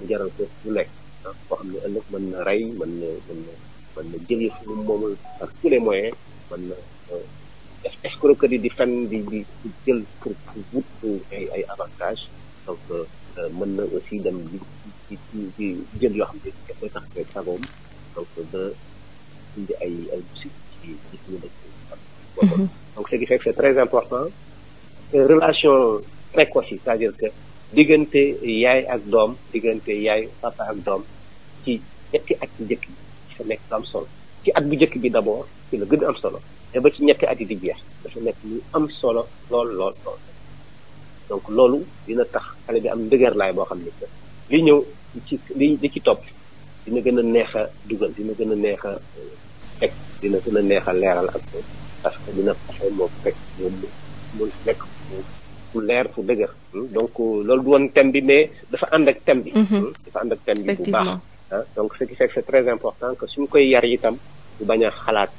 jaral ko lu nekk ah, koo xam ne ëllëg mën na rey mën mën na mën na jël yëf lu moomul par tous les moyens mën na euh, def escroquerie di fen di jël pour pour ay ay donc euh, euh, mën na aussi dem jël yoo xam ne dafay tax a sagoom donc ba indi ay ay musique ci ci mhm. donc ce qui fait que c'est très important relation précoce yi dire que diggante yaay ak doom diggante yaay papa ak doom ci ñetti at ci njëkk dafa nekk am solo ci at bu njëkk bi d'abord ci la gën a am solo te ba ci ñetti at yi di jeex dafa nekk lu am solo lool lool lool loolu dina tax xale bi am ndëgërlaay boo xam ne que ñëw ci li li ci topp dina gën a neex a dugal dina gën a neex a euh, teg dina gën a neex a leeral ak moom parce que leer fu dëgër hmm? donc euh, loolu du woon thème bi mais dafa ànd ak thème bi mm-hmm. hmm? dafa ànd ak thème bi bu baax donc ce qui fait que c'est très important que suñ koy yar itam ñu bañ a xalaat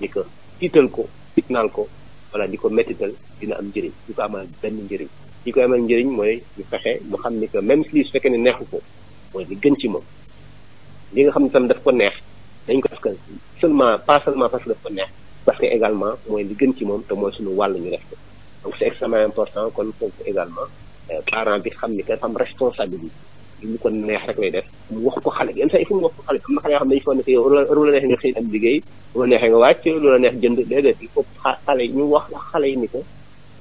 ni ko tiital ko fitnaal ko wala di ko métital dina am njëriñ di ko amal benn njëriñ di njëriñ mooy ñu fexe mu xam ni que même si su fekkee ne neexu ko mooy li gën ci moom li nga xam ne tam daf ko neex dañ ko parce que seulement pas seulement parce que que également mooy li gën ci moom te mooy suñu wàll ñu def ko donc c'est kon foofu également euh, parent bi xam ni que dafa am responsabilité lu ko neex rek lay def wax ko xale yenn saa yi fu mu wax ko xale am na xale yoo xam ne dañu foog ne yow lu la am liggéey lu la neexee nga wàcc lu la neex jënd déedéet il faut xale ñu wax xale yi ni ko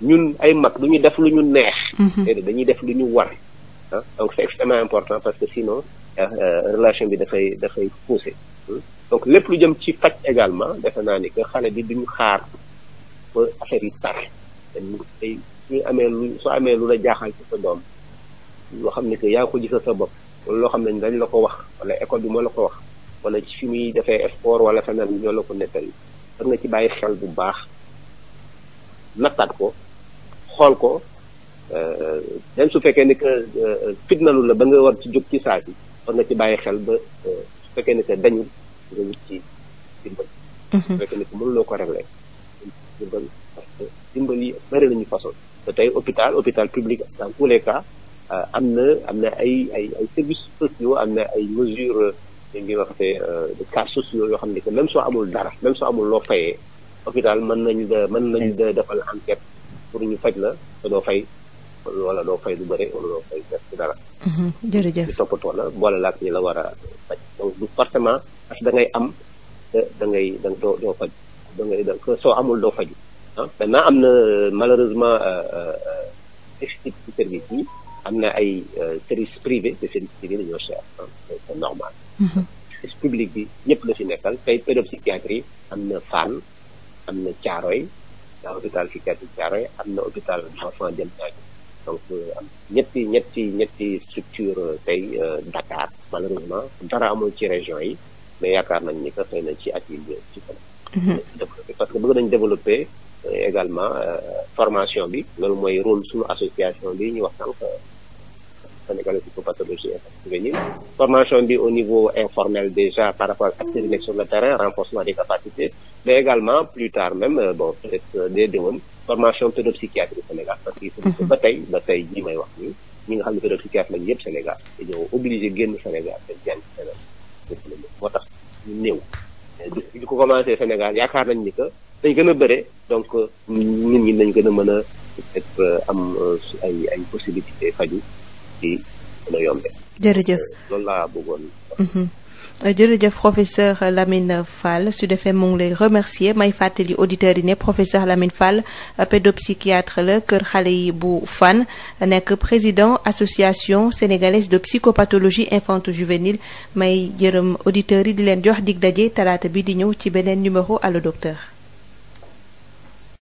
ñun ay mag du ñu def lu ñu neex. Mhm. dañuy def lu ñu war ah donc important parce que sinon ah, euh, relation bi dafay dafay poussé hmm? lépp lu jëm ci faj également defe naa ni que xale bi duñu xaar ba affaire yi tar amee lu soo amee lu la jaaxal ci sa doom. loo xam ne que yaa ko ji sa sa bopp wala loo xam ne dañ la ko wax wala école bi moo la ko wax wala ci fi muy defee sport wala bi ñoo la ko nettali war nga ci bàyyi xel bu baax nattaat ko xool ko euh, même su fekkee ni que euh, fitnalu la ba nga war ci jóg ci saa si war nga ci bàyyi xel ba euh, su fekkee ni que dañu nga wut ci dimbal mhm. su fekkee ni mënuloo ko réglé dimbal bëri lañu façon tey hôpital hôpital public dans tous les Euh, am na am na ay ay ay services sociaux am na ay mesures euh, li ñuy wax euh, de cas sociaux yoo xam ne que même soo amul dara même soo amul loo fayee hôpital mën nañu mën nañu da defal enquête pour ñu faj la te doo fay wala doo fay lu bëri wala doo fay dara. Mm-hmm. jërëjëf di toppatoo la boole laak ñi la war a faj donc du forcément parce que da ngay am da ngay da doo doo faj da ngay da soo amul doo faju ah maintenant am na malheureusement déficit ci service yi. am na ay euh, service privé te service privé dañoo cher c'est normal mhm. service public bi ñëpp la fi nekkal tey pédopsychiatrie am na Fann am na Thiaroye a hôpital psychiatrique Thiaroye am na hôpital enfant Dieul Niadio donc euh, am ñetti ñetti ñetti structure euh, tey Dakar malheureusement dara amul ci région yi mais yaakaar nañ ni que xëy na ci at yi ci kanam mhm. parce que bëgg nañ développer également formation bi loolu mooy rôle suñu association bi ñu wax sànq sénégalais psychopathologie juvénile formation bi au niveau informel déjà par rapport ak acteurs yi sur le terrain renforcement des capacités mais également plus tard même euh, bon peut-être euh, dès déwén formation pédopsychiatrie Sénégal parce que il mhm. ba tey ba tey jii may wax nii ñi nga xam ne pédopsychiatre lañu yëpp Sénégal dañoo obligé génn Sénégal dem moo tax ñu néew di ko commencé Sénégal yaakaar nañ ni que dañ gën a bëre donc euh, nit ñi gën a mën a am ay ay possibilité faju jërëjëf euh, loolu mhm. euh, jërëjëf professeur Lamine Fall Sud FM mu ngi lay remercier may fàttali auditeurs yi ne professeur Lamine Fall euh, pédopsychiatre la kër xale yi bu Fann nekk président association sénégalaise de psychopathologie infanto-juvénile may jërëm auditeurs yi di leen jox dig daje talaata bi di ñëw ci beneen numéro allo docteur